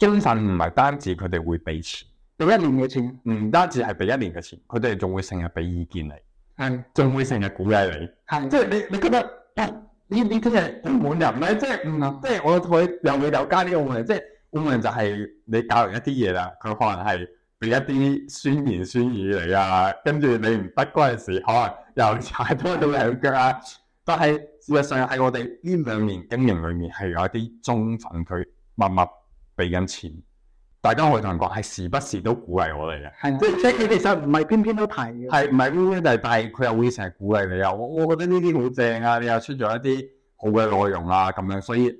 中份唔係單止佢哋會俾錢，俾一年嘅錢，唔單止係俾一年嘅錢，佢哋仲會成日俾意見你。係，仲是會成日鼓勵你，是即你你覺得、哎、你你是滿呢呢啲嘢滿人咧，即係唔即係我我又會有加啲惡人，即係惡人就是你教完一啲嘢啦，佢可能是俾一啲酸言酸語的你啊，跟住你唔得嗰時候，可能又踩多到兩腳啊。 *laughs* 但是事實上喺我哋呢兩年經營裏面，是有一啲忠粉佢默默俾緊錢。大家可以同人講係時不時都鼓勵我哋嘅，即係即係佢哋實唔係篇篇都睇，係唔係篇篇都睇，但係佢又會成日鼓勵你啊！我我覺得呢啲好正啊！你又出咗一啲好嘅內容啊，咁樣，所以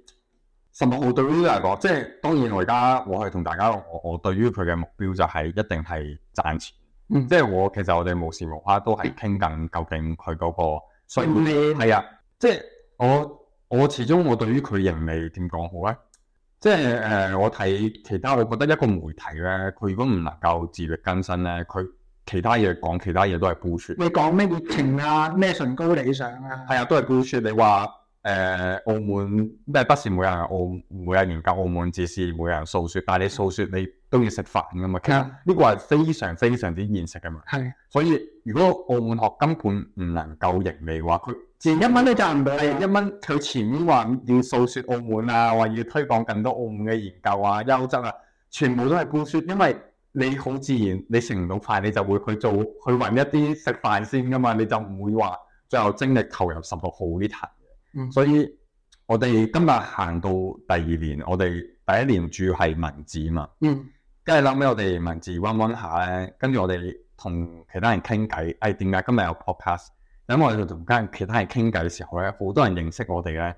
甚至我對於佢嚟講，嗯、即係當然我而家我係同大家我我對於佢嘅目標就係、是、一定係賺錢，嗯、即係我其實我哋無時無刻都係傾緊究竟佢嗰、那個衰咩？係啊，即係我我始終我對於佢盈利點講好咧？即係、呃、我睇其他，我覺得一個媒體呢，佢如果唔能夠自力更生呢，佢其他嘢講，其他嘢都係僞説。你講咩疫情呀？咩崇高理想呀？係呀，都係僞説。你話誒，澳門咩不是冇人澳，冇人研究澳門，只是冇人訴説。但係你訴説，嗯、你都要食飯㗎嘛？呢、嗯、個係非常非常之現實㗎嘛。係是。所以如果澳門學根本唔能夠盈利嘅話，佢前一蚊都賺唔到，一蚊，佢前面話要訴説澳門啊，話要推廣更多澳門嘅研究啊、優質啊，全部都係鋪説。因為你好自然，你食唔到飯，你就會去做去揾一啲食飯先噶嘛，你就唔會話最後精力投入十六號呢啲嘢。嗯，所以我哋今日行到第二年，我哋第一年住係文字嘛，嗯，跟住諗起我哋文字溫溫下咧，跟住我哋同其他人傾偈，誒點解今日有 podcast？咁、嗯、我哋同其他其他人傾偈嘅時候呢，好多人認識我哋呢，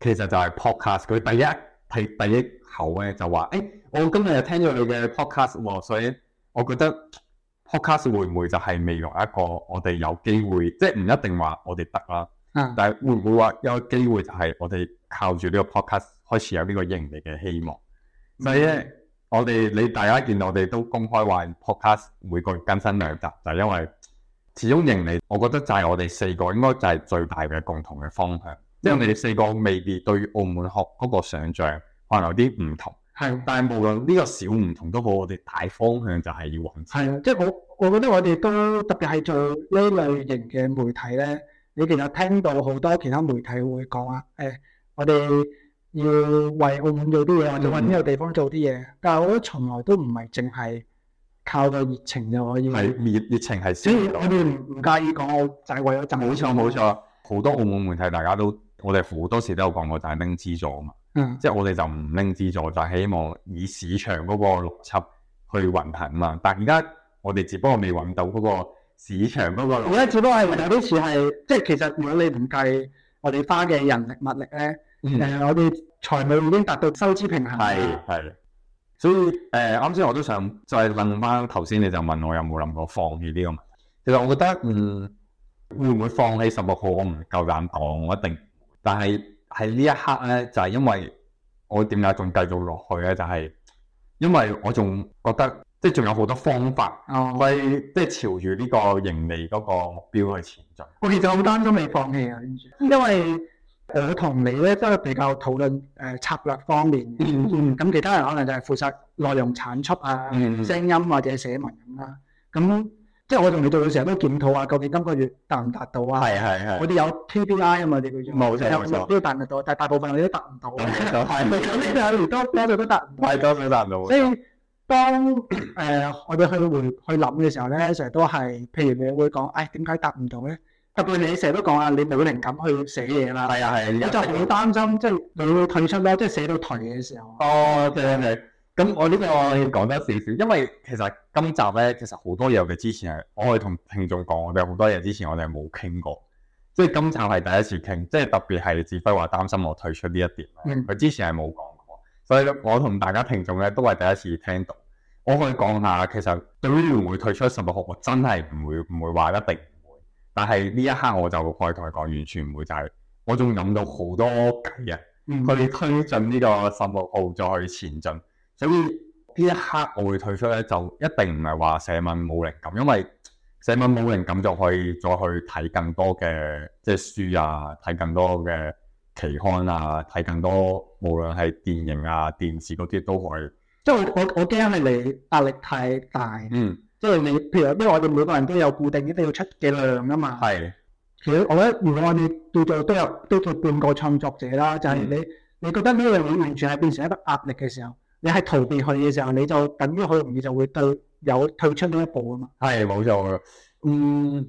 其實就係 podcast。佢第一第一口呢就話：欸「誒，我今日又聽咗你嘅 podcast 喎，所以我覺得 podcast 會唔會就係未有，就係嗯、有一個我哋有機會，即係唔一定話我哋得啦。但係會唔會話有機會就係我哋靠住呢個 podcast 開始有呢個盈利嘅希望？所以呢、嗯、我哋你大家見到我哋都公開話 podcast 每個月更新兩集，就係、因為。始終盈利，我覺得就係我哋四個應該就係最大嘅共同嘅方向。即係、嗯、你哋四個未必對澳門學嗰個想象可能有啲唔同，係。但係無論呢個小唔同，都好，我哋大方向就係要穩。係即係我我覺得我哋都特別係做呢類型嘅媒體呢。你其實聽到好多其他媒體會講啊、欸，我哋要為澳門做啲嘢，或者為邊個地方做啲嘢。嗯、但我從來都唔係淨係。靠個熱情就可以，係熱情係少。所以我哋唔介意講，就係為咗賺。冇錯冇錯，好多澳門媒體大家都，我哋好多時都有講過，就係拎資助啊嘛。嗯。即係我哋就唔拎資助，就係希望以市場嗰個邏輯去運行啊嘛。但而家我哋只不過未搵到嗰個市場嗰個邏輯。我咧，只不過係有啲事係，即係其實如果你唔計我哋花嘅人力物力咧、嗯呃，我哋財務已經達到收支平衡。係係。所以誒，啱先、so, 呃、我都想再問翻頭先，你就問我有冇諗過放棄呢個問題。其實我覺得，嗯，會唔會放棄十六號？我唔夠膽講，我一定。但係喺呢一刻咧，就係、是、因為我點解仲繼續落去咧？就係、是、因為我仲覺得，即係仲有好多方法，係即係朝住呢個盈利嗰個目標去前進。我其實好擔心未放棄啊，因為。我同你咧都係比較討論誒策略方面，咁其他人可能就係負責內容產出啊、聲音或者寫文咁啦。咁即係我同你做嘅時候都檢討啊，究竟今個月達唔達到啊？係係係。我哋有 KPI 啊嘛，你嗰種冇錯冇錯，都要達得到，但係大部分你都達唔到。係。咁有啲多多數都達唔到。係多數都達唔到。所以當誒我哋去回去諗嘅時候咧，成日都係，譬如你會講，誒點解達唔到咧？對，你成日都講啊，你冇靈感去寫嘢啦。係啊，係。你就係好擔心，嗯、即係你會退出咯？即係寫到退嘅時候。哦，明唔明？咁我呢個要講多少少，因為其實今集咧，其實好多嘢我哋之前係，我可以同聽眾講，我哋好多嘢之前我哋冇傾過，即係今集係第一次傾，即係特別係指輝話擔心我退出呢一點咧，佢、嗯、之前係冇講過，所以我同大家聽眾咧都係第一次聽到。我可以講下，其實對於會退出16號，我真係唔會唔會話一定。但係呢一刻我就概括講，完全唔會，就係、是、我仲諗到好多計啊，去推進呢個十六號再去前進，所以呢一刻我會退出呢，就一定唔係話寫文冇靈感，因為寫文冇靈感就可以再去睇更多嘅即係書啊，睇更多嘅期刊啊，睇更多無論係電影啊、電視嗰啲都可以。即係我我我驚係你壓力太大。嗯。即係你，譬如，因為我哋每個人都有固定一定要出嘅量噶嘛。係是。其實我覺得，如果我你叫做都有都做半個創作者啦，就係、是、你，嗯、你覺得呢樣你完全係變成一個壓力嘅時候，你係逃避去嘅時候，你就等於好容易就會對有退出呢一步啊嘛。係冇錯嘅。嗯，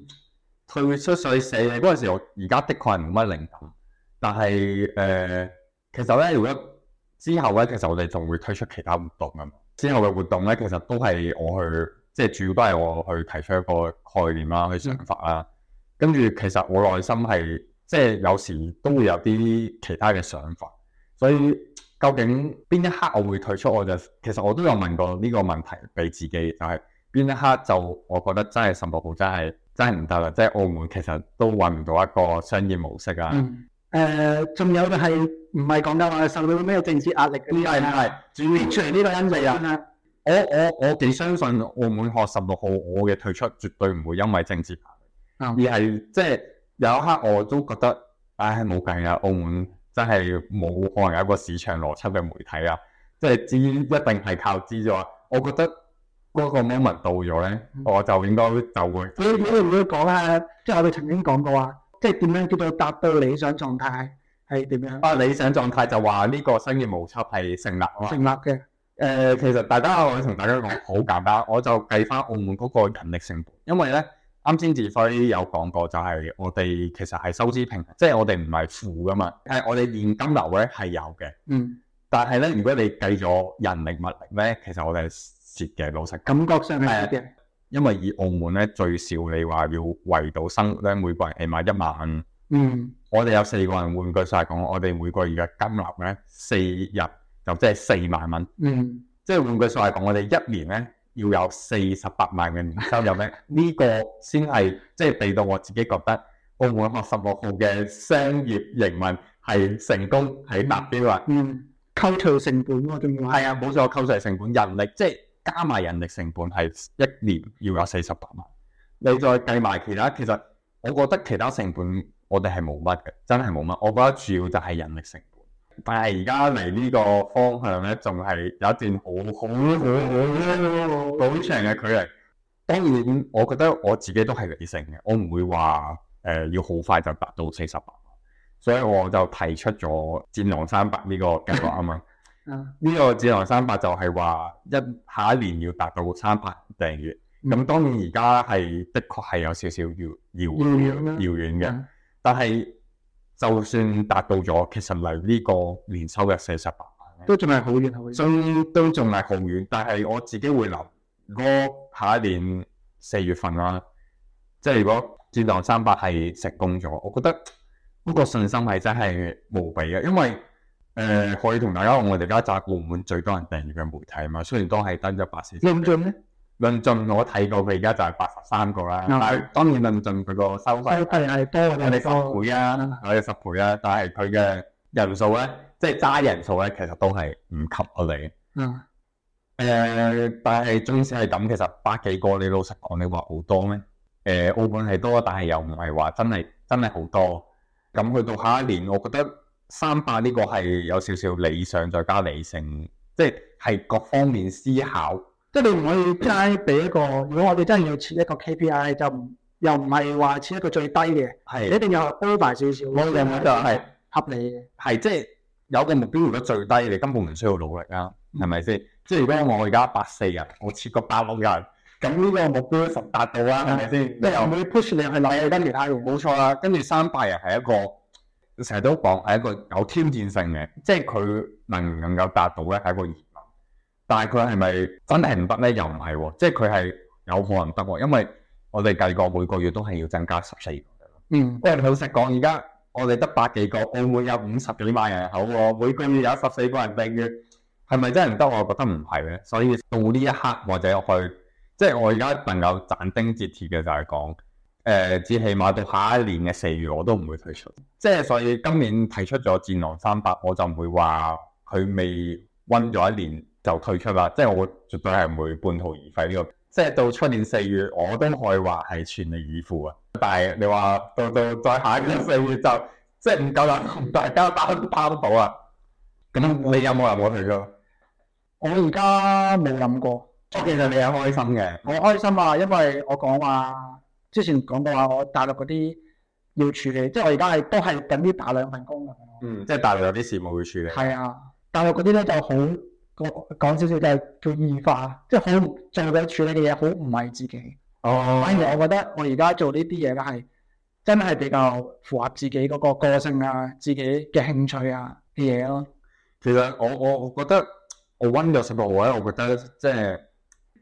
退出水、嗯、死，嘢、那、嗰、個、時，我而家的確係冇乜靈感。但係誒、呃，其實咧，如果之後咧，其實我哋仲會推出其他活動啊嘛。之後嘅活動咧，其實都係我去。即係主要都係我去提出一個概念啦、啊、去想法啦、啊，嗯、跟住其實我內心係即係有時都會有啲其他嘅想法，所以、嗯、究竟邊一刻我會退出我就其實我都有問過呢個問題俾自己，就係邊一刻就我覺得真係十六號真係真係唔得啦，即係澳門其實都搵唔到一個商業模式啊。誒、嗯，仲、呃、有就係唔係講緊話受到咩政治壓力呢？係係是，主要係呢個因素啦。嗯哦、我我我幾相信澳門學十六號，我嘅退出絕對唔會因為政治壓力、嗯，而係即係有一刻我都覺得，唉冇計啦，澳門真係冇可能有一個市場邏輯嘅媒體啦，即係資一定係靠資助，我覺得嗰個 moment 到咗咧，的我就應該就會。你你唔要講下，即係我哋曾經講過啊，即係點樣叫做達到理想狀態係點樣？啊，理想狀態就話呢個新嘅模式係成立啊成立嘅。誒、呃，其實大家，我同大家講好簡單，我就計翻澳門嗰個人力成本，因為咧啱先志輝有講過，就係我哋其實係收支平衡，即係我哋唔係負噶嘛，係我哋現金流咧係有嘅。嗯，但係咧如果你計咗人力物力咧，其實我哋蝕嘅老實。感覺上係一啲，因為以澳門咧最少你話要維到生活咧，每個人起碼一萬。嗯，我哋有四個人，換句話說話講，我哋每個月嘅金流咧四日。就即係四萬蚊，嗯，即係換句說話講，我哋一年呢要有四十八萬嘅年收入咧，呢 *laughs* 個先是即是俾到我自己覺得，澳門學十六號嘅商業營運是成功，就是達標啊。嗯，扣除成本啊，仲係啊，冇錯扣除成本人力，即係加埋人力成本是一年要有四十八萬，你再計埋其他，其實我覺得其他成本我哋係冇乜嘅，真係冇乜。我覺得主要就是人力成本。但係而家嚟呢個方向咧，仲係有一段好、好、好、好、好長嘅距離。當然，我覺得我自己都係理性嘅，我唔會話誒、呃、要好快就達到四十八。所以我就提出咗《戰狼三百》呢個計劃啊嘛。嗯。呢個《戰狼三百》就係話一下一年要達到三百訂閱。咁當然而家係的確係有少少遙遙遙遠嘅，但係。就算達到咗，其實嚟呢個年收入四十八萬，都仲係好遠，好遠。算都都仲係好遠，但係我自己會諗，如果下一年四月份啦、啊，即係如果戰狼三百係成功咗，我覺得嗰個信心係真係無比嘅，因為誒、呃、可以同大家我哋而家揸澳門最多人訂閱嘅媒體啊嘛，雖然都係得咗百四點論盡我睇過佢而家就係八十三個啦，嗯、但係當然論盡佢個收費係係多你十倍啊，我哋十、啊、十倍啊，但係佢嘅人數咧，即係揸人數咧，其實都係唔及我哋。嗯。誒、呃，但係即使係咁，其實百幾個你老實講，你話好多咩？誒、呃，澳門係多，但係又唔係話真係真係好多。咁去到下一年，我覺得三百呢個係有少少理想，再加理性，即係係各方面思考。即係你唔可以齋俾一個。如果我哋真係要設一個 KPI，就又唔係話設一個最低嘅，係是一定要 over 少少。我哋就係、是、合理，係即係有個目標，如果最低你根本唔需要努力啊，係咪先？嗯、即係如果我而家百四人，我設個百六人，咁呢個目標實達到啊？係咪先？即又唔會 push 你去拉，錯嗯、跟其他冇錯啦。跟住三百人係一個，成日都講係一個有挑戰性嘅，即係佢能唔能夠達到咧？係一個。大概佢係咪真係唔得咧？又唔係，哦，即係佢係有可能得，因為我哋計過每個月都係要增加十四個嘅。嗯，我、就是、老實講，而家我哋得百幾個，澳門有五十幾萬人口喎，每個月有十四個人訂閱，係咪真係唔得？我覺得唔係咧。所以到呢一刻，或者我去，即係我而家能夠斬釘截鐵嘅就係講，誒、呃，至起碼到下一年嘅四月，我都唔會退出。即係所以今年提出咗戰狼三百，我就唔會話佢未温咗一年。就退出啦，即係我絕對係唔會半途而廢呢、這個。即係到出年四月，我都可以話係全力以赴啊。但係你話到到再下一年四月就即係唔夠人，大家擔擔唔到啊。咁你有冇話冇退噶？我而家未諗過。咁其實你係開心嘅。我開心啊，因為我講話、啊、之前講過話，我大陸嗰啲要處理，即係我而家係都係等啲打兩份工啊。嗯，即係大陸有啲事務要處理。係啊，大陸嗰啲咧就好。講少少都係叫異化，即係好最後處理嘅嘢，好唔係自己。哦、反而我覺得我而家做呢啲嘢嘅係真係比較符合自己嗰個個性啊，自己嘅興趣啊啲嘢咯。其實我我我覺得我 run 十六號咧，我覺得，我我覺得即係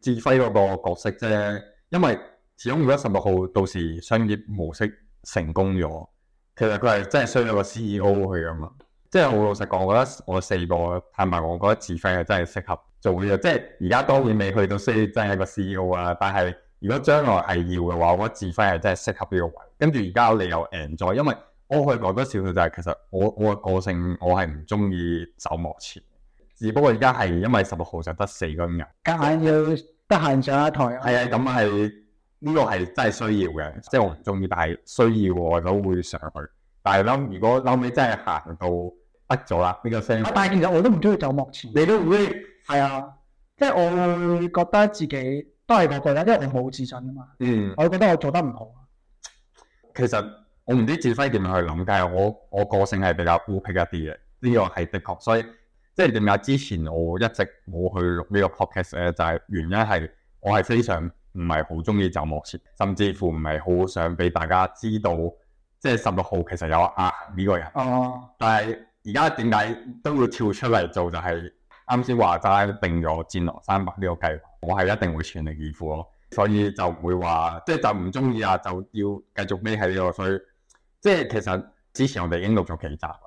智輝嗰個角色啫，因為始終如果十六號到時商業模式成功咗，其實佢係真係需要個 C E O 去啊嘛。即係好老實講，我覺得我四個係埋我覺得自輝係真係適合做呢個。即係而家當然未去到真係一個 CEO 啊。但係如果將來係要嘅話，我覺得自輝係真係適合呢個位。跟住而家你又贏咗，因為我去講多少少就係、是、其實我我個性我係唔中意走幕前，只不過而家係因為十六號就得四個人，夾硬要得閒上一台。係啊，咁係呢個係真係需要嘅，即、就、係、是、我唔中意，但係需要我都會上去。但係諗如果後尾真係行到。得咗啦，呢、這個聲、啊。但係其實我都唔中意走幕前。你都唔會係啊，即係我會覺得自己都係個怪咖，因為你冇自信啊嘛。嗯，我會覺得我做得唔好。其實我唔知志輝點去諗，但係我我個性係比較孤僻一啲嘅，呢、這個係的確，所以即係點解之前我一直冇去錄呢個 podcast 咧，就係、是、原因係我係非常唔係好中意走幕前，甚至乎唔係好想俾大家知道，即係十六號其實有阿、啊、呢、這個人啊，哦、但係。而家點解都會跳出嚟做？就係啱先話齋定咗戰狼三百呢個計劃，我係一定會全力以赴咯。所以就唔會話即係就唔中意啊，就要繼續孭喺呢個。所以即係、就是、其實之前我哋已經錄咗幾集啦。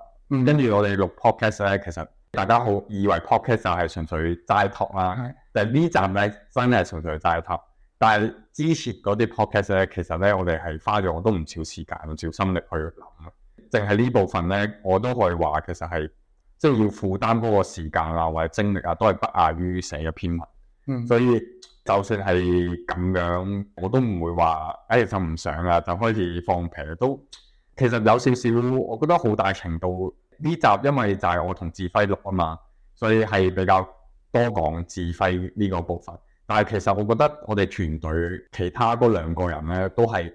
跟住我哋錄 podcast 咧，其實大家好以為 podcast 就係純粹齋 talk 啦。但係呢集咧真係純粹齋 talk。但係之前嗰啲 podcast 咧，其實咧我哋係花咗我都唔少時間、唔少心力去諗。淨係呢部分咧，我都可以話其實係即係要負擔嗰個時間啊，或者精力啊，都係不亞於寫一篇文。嗯、所以就算係咁樣，我都唔會話哎就唔想啊，就開始放平都。其實有少少，我覺得好大程度呢集，因為就係我同自輝錄啊嘛，所以係比較多講自輝呢個部分。但係其實我覺得我哋團隊其他嗰兩個人咧，都係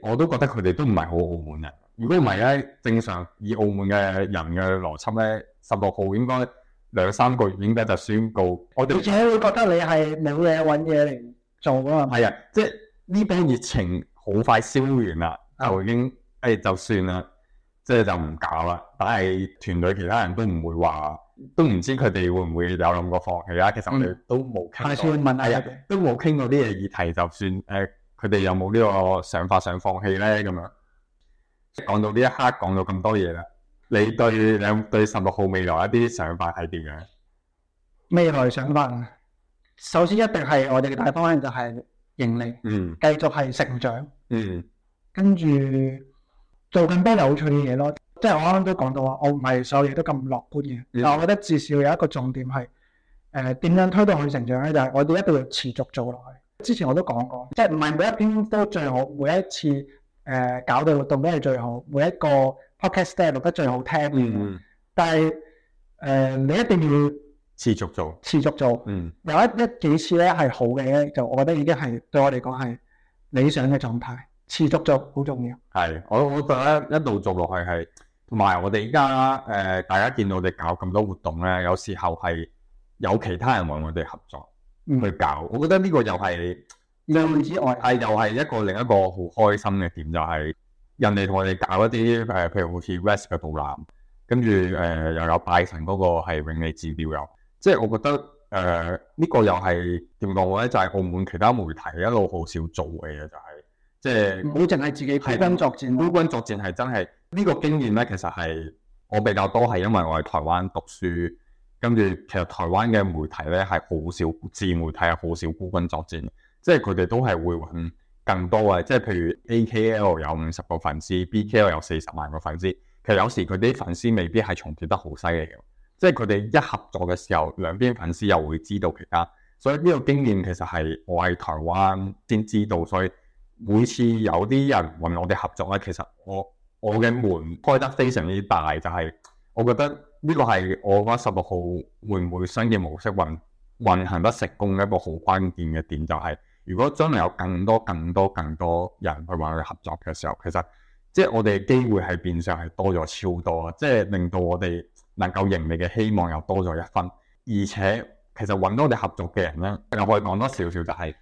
我都覺得佢哋都唔係好傲慢人。如果唔係咧，正常以澳門嘅人嘅邏輯咧，十六號應該兩三個月應該就宣告。我哋而且我覺得你係冇嘢揾嘢嚟做啊嘛。係啊，即係呢幫熱情好快消完啦，就已經誒就算啦，即係就唔搞啦。但係團隊其他人都唔會話，都唔知佢哋會唔會有諗過放棄啊。其實我哋都冇傾。下次、嗯、問下、哎，都冇傾過啲嘢議題，就算誒，佢、哎、哋有冇呢個想法想放棄咧？咁樣。講到呢一刻，講到咁多嘢啦，你對你對十六號未來一啲想法係點樣？未來想法啊，首先一定係我哋嘅大方向就係、是、盈利，嗯，繼續係成長，嗯，跟，跟住做緊比較有趣嘅嘢咯。即係我啱啱都講到啊，我唔係所有嘢都咁樂觀嘅，嗯、但我覺得至少有一個重點係，誒、呃，點樣推動佢成長咧？就係、是、我哋一定要持續做落去。之前我都講過，即係唔係每一篇都最好，每一次。誒、呃，搞對活動都係最好，每一個 podcast 都係錄得最好聽。嗯，但係誒、呃，你一定要持續做，持續做。嗯，有一一幾次咧係好嘅，就我覺得已經係對我嚟講係理想嘅狀態。持續做好重要。係，我我覺得一一路做落去係，同埋我哋而家誒，大家見到我哋搞咁多活動咧，有時候係有其他人同我哋合作去搞，嗯、我覺得呢個又係。兩萬之外，係又係一個另一個好開心嘅點，就係人哋同我哋搞一啲誒、呃，譬如好似 West 嘅導覽，跟住誒又有拜神嗰個係永利指標遊，即係我覺得誒、呃這個、呢個又係點講咧？就係、是、澳門其他媒體一路好少做嘅嘢，就係即係，唔好淨係自己孤軍作戰是。孤軍作戰係真係呢、這個經驗咧，其實係我比較多，係因為我喺台灣讀書，跟住其實台灣嘅媒體咧係好少自媒體，係好少孤軍作戰。即係佢哋都係會揾更多嘅，即係譬如 A K L 有五十個粉絲，B K L 有四十萬個粉絲。其實有時佢啲粉絲未必係重疊得好犀利嘅，即係佢哋一合作嘅時候，兩邊粉絲又會知道其他。所以呢個經驗其實係我喺台灣先知道，所以每次有啲人揾我哋合作咧，其實我我嘅門開得非常之大，就係我覺得呢個係我覺得十六號會唔會新嘅模式運運行得成功嘅一個好關鍵嘅點，就係。如果真係有更多、更多、更多人去玩去合作嘅時候，其實即係我哋嘅機會係變相係多咗超多啊！即係令到我哋能夠盈利嘅希望又多咗一分，而且其實揾到我哋合作嘅人咧，我可以講多少少，就係，就係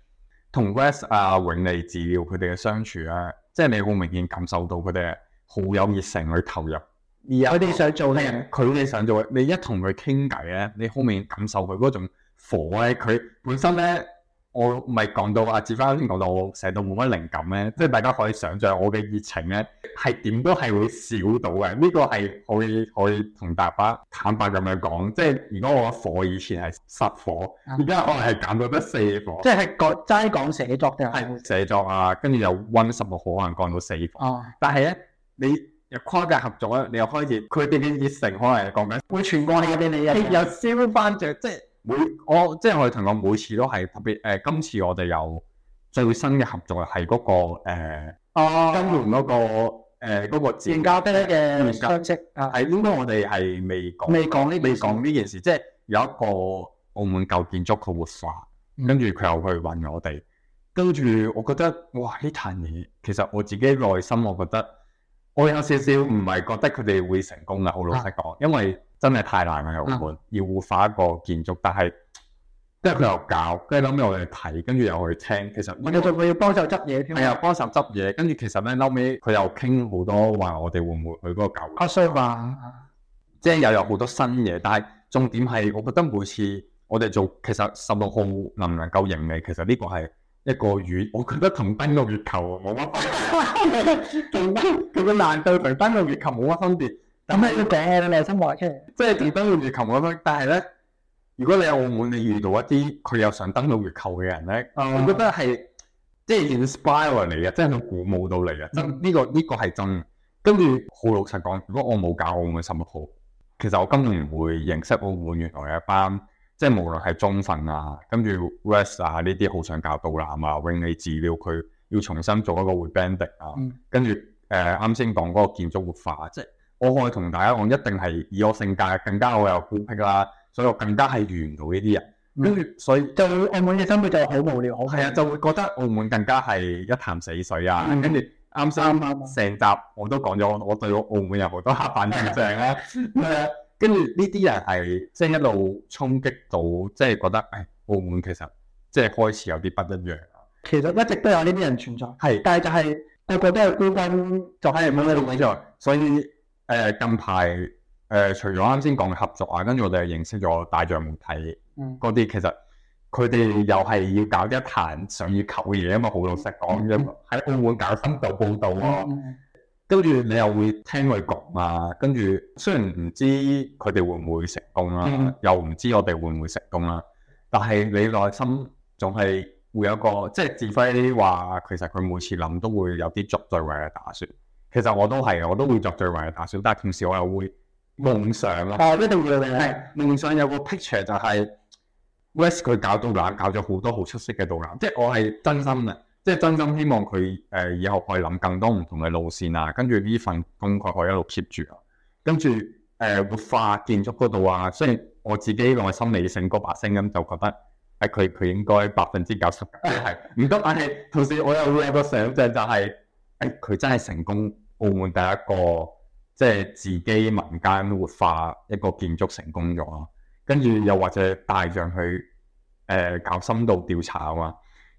同 West 啊永利治療佢哋嘅相處啊。即係你好明顯感受到佢哋好有熱誠去投入，而有啲想做嘅人，佢哋想做，你一同佢傾偈咧，你好明顯感受佢嗰種火咧，佢本身咧。我唔咪講到啊，接翻先講到，到我成日都冇乜靈感咧，即係大家可以想像我嘅熱情咧，係點都係會少到嘅。呢、呢個係可以可以同大家坦白咁樣講。即係如果我個火以前係十火，而家、啊、可能係減到得四火，即係講齋講寫作定係寫作啊，跟住又温十六號，可能降到四火。哦、啊，但係咧，你又跨界合作咧，你又開始佢哋啲熱誠可能講緊會傳過去嗰邊，你又燒翻著即係。每我即係我哋同我每次都係特別誒、呃，今次我哋有最新嘅合作係嗰、嗰個誒，金融嗰個誒嗰、呃那個戰咖啡嘅相識，係應該我哋係未講未講呢未講呢件事，的即係有一個澳門舊建築佢活化，跟住佢又去搵我哋，跟住我覺得哇呢壇嘢，其實我自己內心我覺得我有少少唔係覺得佢哋會成功嘅，好老實講，啊、因為。真係太難啦！我覺得要畫一個建築，但係即係佢又搞，跟住諗住我哋睇，跟住又去聽。其實、這個、我哋仲咪要幫手執嘢添，係啊，幫手執嘢。跟住其實咧，後尾佢又傾好多話，我哋會唔會去嗰個搞？啊衰吧！即係又有好多新嘢，但係重點係，我覺得每次我哋做，其實十六號能唔能夠盈利，其實呢個係一個月，我覺得同登陸月球冇乜分別。騰奔佢個難度同登陸月球冇乜分別。咁咩嘅嚟？身火嘅，即係登到月球咁樣。但係咧，如果你喺澳門，你遇到一啲佢又想登到月球嘅人咧，我覺得係即係 inspire 你嘅，即係佢鼓舞到你嘅。真呢、呢個呢、呢個係真。跟住好老實講，如果我冇搞澳門十六號，其實我今年會認識澳門原來一班，即係無論係中訓啊，跟住 West 啊呢啲好想搞導覽啊，永利治療佢要重新做一個 rebranding 啊，跟住誒啱先講嗰個建築活化，即係。我可以同大家講，一定係以我性格更加我有孤僻啦，所以我更加係遇唔到呢啲人，跟住、嗯、所以就澳門嘅生活就好無聊，係啊，就會覺得澳門更加係一潭死水啊，跟住啱啱成集我都講咗，我對澳門有好多刻板印象啦，啊，跟住呢啲人係即係一路衝擊到，即、就、係、是、覺得誒澳門其實即係開始有啲不一樣，其實一直都有呢啲人存在，係是，但係就係個個都係標準，就係冇咩存在，嗯嗯嗯嗯、所以。誒近排誒、呃、除咗啱先講嘅合作啊，跟住我哋又認識咗大象媒體嗰啲，嗯、其實佢哋又係要搞一壇想要求嘅嘢啊嘛，好老實講，喺澳門搞深度報道，啊，跟住、嗯嗯、你又會聽佢講啊，跟住雖然唔知佢哋會唔會成功啦，又唔知我哋會唔會成功啦，嗯、但係你內心仲係會有個即係，志輝話其實佢每次諗都會有啲捉對位嘅打算。其實我都係嘅，我都會作最壞嘅打算，但係同時我又會夢想咯。啊，一定會係夢想有個 picture 就係 West 佢搞導覽，搞咗好多好出色嘅導覽。即係我係真心嘅，即係真心希望佢誒、呃、以後可以諗更多唔同嘅路線啊。跟住呢份工佢可以一路 keep 住啊。跟住誒活化建築嗰度啊，雖然我自己用心理性嗰把聲咁就覺得誒佢佢應該百分之九十係唔得，就是、 *laughs* 但係同時我又有個想像就係誒佢真係成功。澳門第一個即係、就是、自己民間活化一個建築成功咗跟住又或者帶上去、呃、搞深度調查啊嘛，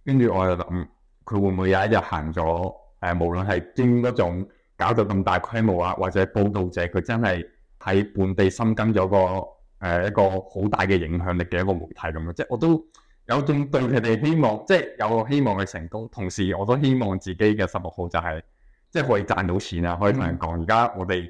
跟、嗯、住我又諗佢會唔會有一日行咗誒，無論係經一種搞到咁大規模啊，或者報導者佢真係喺本地深耕咗個一個好、呃、大嘅影響力嘅一個媒體咁樣、嗯，即係我都有種對佢哋希望，即係有希望嘅成功，同時我都希望自己嘅十六號就係、是。即係可以賺到錢啊！可以同人講，而家、嗯、我哋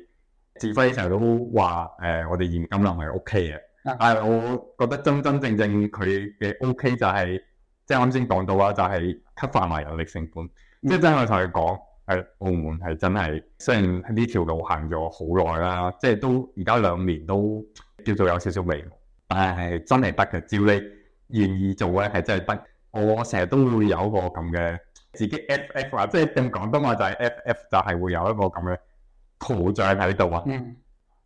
智慧成日都話、呃、我哋現金流係 OK 嘅。嗯、但我覺得真真正正佢嘅 OK 就係、是、即係啱先講到啦，就係、是、cut 返埋人力成本。嗯、即係真係我同佢講，係澳門係真係雖然呢條路行咗好耐啦，即係都而家兩年都叫做有少少微。但係係真係得嘅。只要你願意做咧，係真係得。我成日都會有一個咁嘅。自己 F F、啊、話即係咁講得嘛，就係 F F 就係會有一個咁嘅圖像喺度啊。嗯，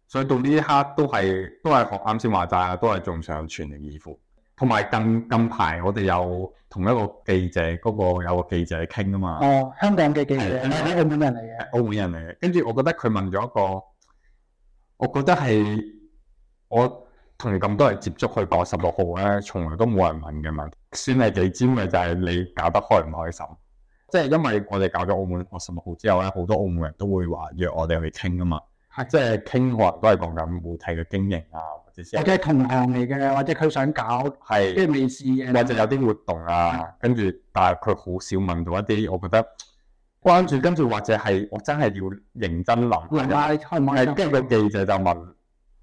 所以到呢一刻都係都係學啱先話齋，都係仲想全力以赴。同埋近近排我哋有同一個記者嗰、那個有個記者傾啊嘛。哦，香港嘅記者，係啊是，係澳門人嚟嘅，澳門人嚟嘅。跟住我覺得佢問咗一個，我覺得係我同你咁多人接觸去講十六號咧，從來都冇人問嘅問題，算係幾尖嘅就係、是、你搞得開唔開心？即係因為我哋搞咗澳門學十六號之後咧，好多澳門人都會話約我哋去傾啊嘛，的即係傾可能都係講緊媒體嘅經營啊，或者，或者同行嚟嘅，或者佢想搞，即係未試嘅，是是或者有啲活動啊，的跟住但係佢好少問到一啲，我覺得關注跟住或者係我真係要認真諗，係跟住個記者就問：誒的、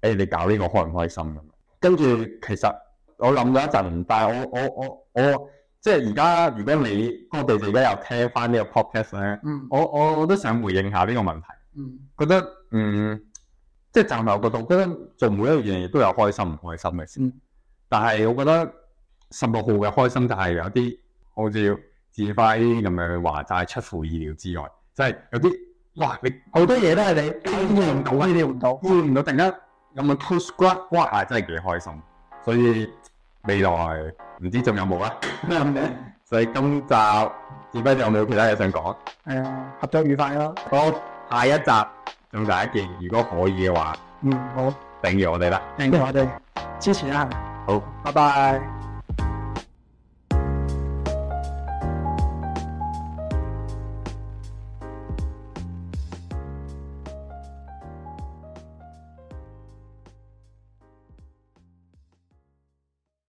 哎，你搞呢個開唔開心咁？跟住其實我諗咗一陣，但係我我我我。我我我即係而家，如果你這，嗯、我哋而家又聽翻呢個 podcast 咧，我我都想回應下呢個問題。嗯、覺得嗯，即係暫時度，覺得做每一樣嘢都有開心唔開心嘅先、嗯。但係我覺得十六號嘅開心就係有啲好似自誇咁樣話，就係出乎意料之外，即、就、係、是、有啲哇，你好多嘢都係你料唔 *coughs* 到，你料唔到料唔到，到突然間有冇 push r q u a t 哇！係真係幾開心。所以未來。唔知仲有冇啊？ *laughs* *laughs* 所以今集志輝仲有冇其他嘢想講？係、哎、啊，合作愉快咯。好，下一集仲有一件，如果可以嘅話，嗯好，頂住我哋啦，頂住我哋，支持啊！好，拜拜。